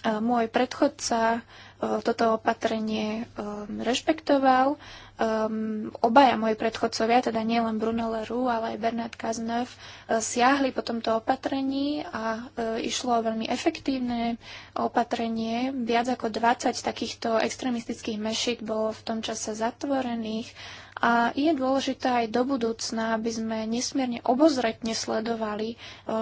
Um, môj predchodca um, toto opatrenie um, rešpektoval um, obaja moji predchodcovia, teda nielen Bruno Leroux, ale aj Bernard Cazeneuve, eh, siahli po tomto opatrení a uh, išlo o veľmi efektívne opatrenie. Viac ako 20 takýchto extremistických mešít bolo v tom čase zatvorených a je dôležité aj do budúcna, aby sme nesmierne obozretne sledovali, e,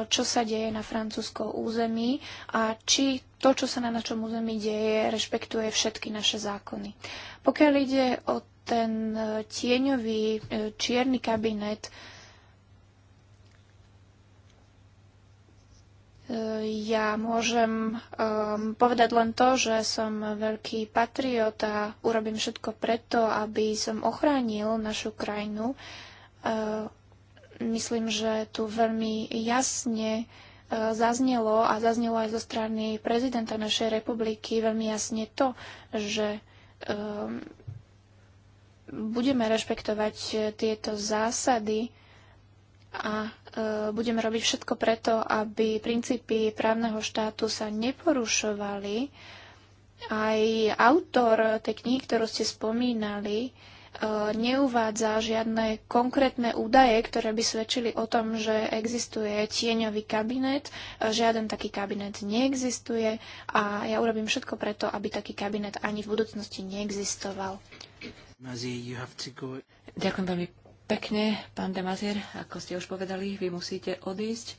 čo sa deje na francúzskom území a či to, čo sa na našom území deje, rešpektuje všetky naše zákony. Pokiaľ ide o ten e, tieňový e, čierny kabinet, Ja môžem um, povedať len to, že som veľký patriot a urobím všetko preto, aby som ochránil našu krajinu. Uh, myslím, že tu veľmi jasne uh, zaznelo a zaznelo aj zo strany prezidenta našej republiky veľmi jasne to, že um, budeme rešpektovať tieto zásady a e, budeme robiť všetko preto, aby princípy právneho štátu sa neporušovali. Aj autor tej knihy, ktorú ste spomínali, e, neuvádza žiadne konkrétne údaje, ktoré by svedčili o tom, že existuje tieňový kabinet. E, žiaden taký kabinet neexistuje a ja urobím všetko preto, aby taký kabinet ani v budúcnosti neexistoval. Ďakujem veľmi pekne, pán Demazier. Ako ste už povedali, vy musíte odísť.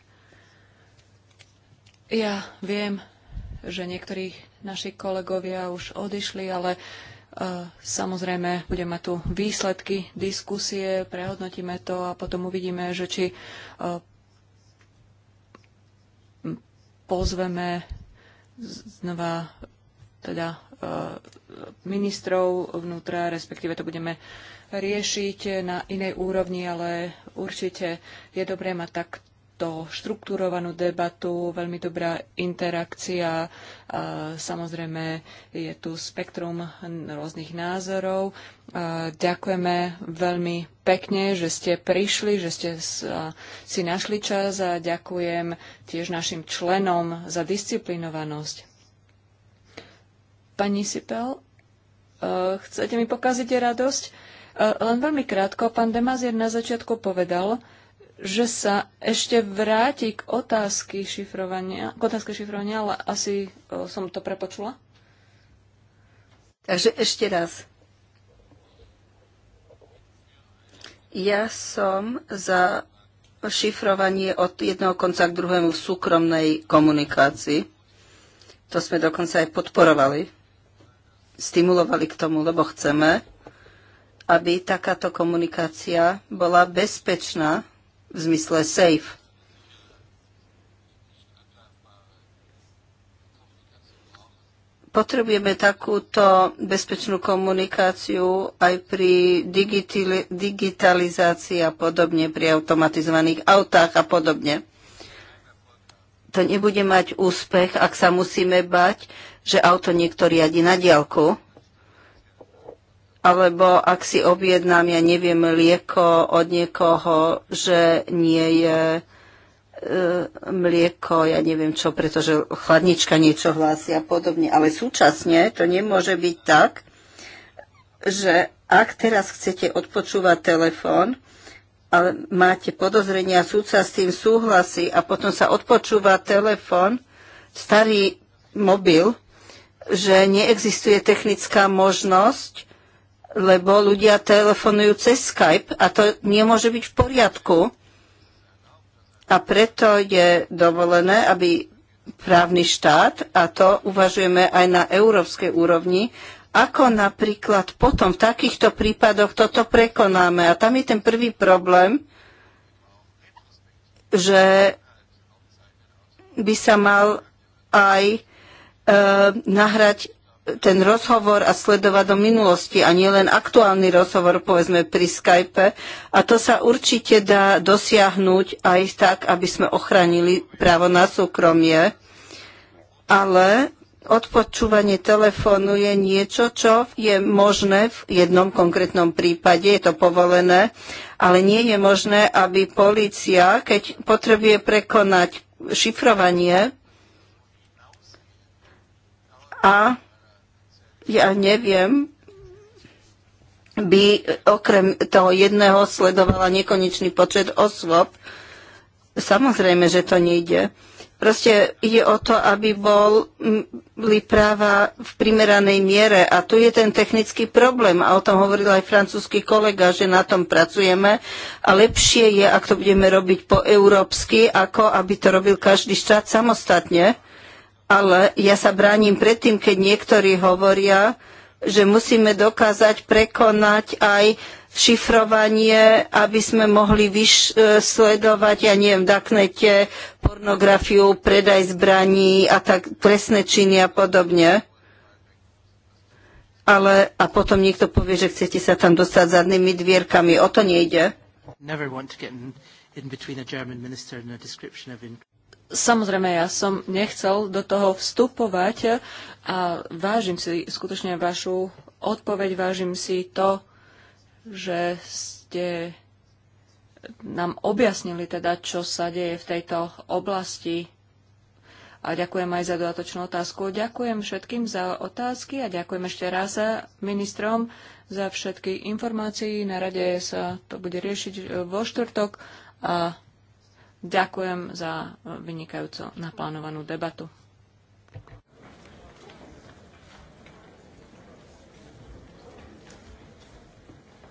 Ja viem, že niektorí naši kolegovia už odišli, ale uh, samozrejme budeme mať tu výsledky diskusie, prehodnotíme to a potom uvidíme, že či uh, pozveme znova teda uh, ministrov vnútra, respektíve to budeme riešiť na inej úrovni, ale určite je dobré mať takto štruktúrovanú debatu, veľmi dobrá interakcia. Samozrejme, je tu spektrum rôznych názorov. Ďakujeme veľmi pekne, že ste prišli, že ste si našli čas a ďakujem tiež našim členom za disciplinovanosť. Pani Sipel, e, chcete mi pokaziť radosť? E, len veľmi krátko, pán Demazier na začiatku povedal, že sa ešte vráti k otázky šifrovania, k otázke šifrovania, ale asi e, som to prepočula. Takže ešte raz. Ja som za šifrovanie od jedného konca k druhému v súkromnej komunikácii. To sme dokonca aj podporovali. Stimulovali k tomu, lebo chceme, aby takáto komunikácia bola bezpečná v zmysle safe. Potrebujeme takúto bezpečnú komunikáciu aj pri digitalizácii a podobne, pri automatizovaných autách a podobne. To nebude mať úspech, ak sa musíme bať, že auto niekto riadi na diálku alebo ak si objednám, ja neviem, mlieko od niekoho, že nie je e, mlieko, ja neviem čo, pretože chladnička niečo hlási a podobne. Ale súčasne to nemôže byť tak, že ak teraz chcete odpočúvať telefón, ale máte podozrenia, súca s tým súhlasí a potom sa odpočúva telefón, starý mobil, že neexistuje technická možnosť, lebo ľudia telefonujú cez Skype a to nemôže byť v poriadku. A preto je dovolené, aby právny štát, a to uvažujeme aj na európskej úrovni, ako napríklad potom v takýchto prípadoch toto prekonáme. A tam je ten prvý problém, že by sa mal aj e, nahrať ten rozhovor a sledovať do minulosti a nielen aktuálny rozhovor, povedzme, pri Skype. A to sa určite dá dosiahnuť aj tak, aby sme ochránili právo na súkromie. Ale odpočúvanie telefónu je niečo, čo je možné v jednom konkrétnom prípade, je to povolené, ale nie je možné, aby policia, keď potrebuje prekonať šifrovanie a ja neviem, by okrem toho jedného sledovala nekonečný počet osôb. Samozrejme, že to nejde. Proste ide o to, aby boli práva v primeranej miere. A tu je ten technický problém. A o tom hovoril aj francúzsky kolega, že na tom pracujeme. A lepšie je, ak to budeme robiť po európsky, ako aby to robil každý štát samostatne ale ja sa bránim predtým, keď niektorí hovoria, že musíme dokázať prekonať aj šifrovanie, aby sme mohli vysledovať, e, ja neviem, Daknete, pornografiu, predaj zbraní a tak trestné činy a podobne. Ale a potom niekto povie, že chcete sa tam dostať zadnými dvierkami. O to nejde. Samozrejme, ja som nechcel do toho vstupovať a vážim si skutočne vašu odpoveď, vážim si to, že ste nám objasnili teda, čo sa deje v tejto oblasti. A ďakujem aj za dodatočnú otázku. Ďakujem všetkým za otázky a ďakujem ešte raz ministrom za všetky informácií. Na rade sa to bude riešiť vo štvrtok a Ďakujem za vynikajúco naplánovanú debatu.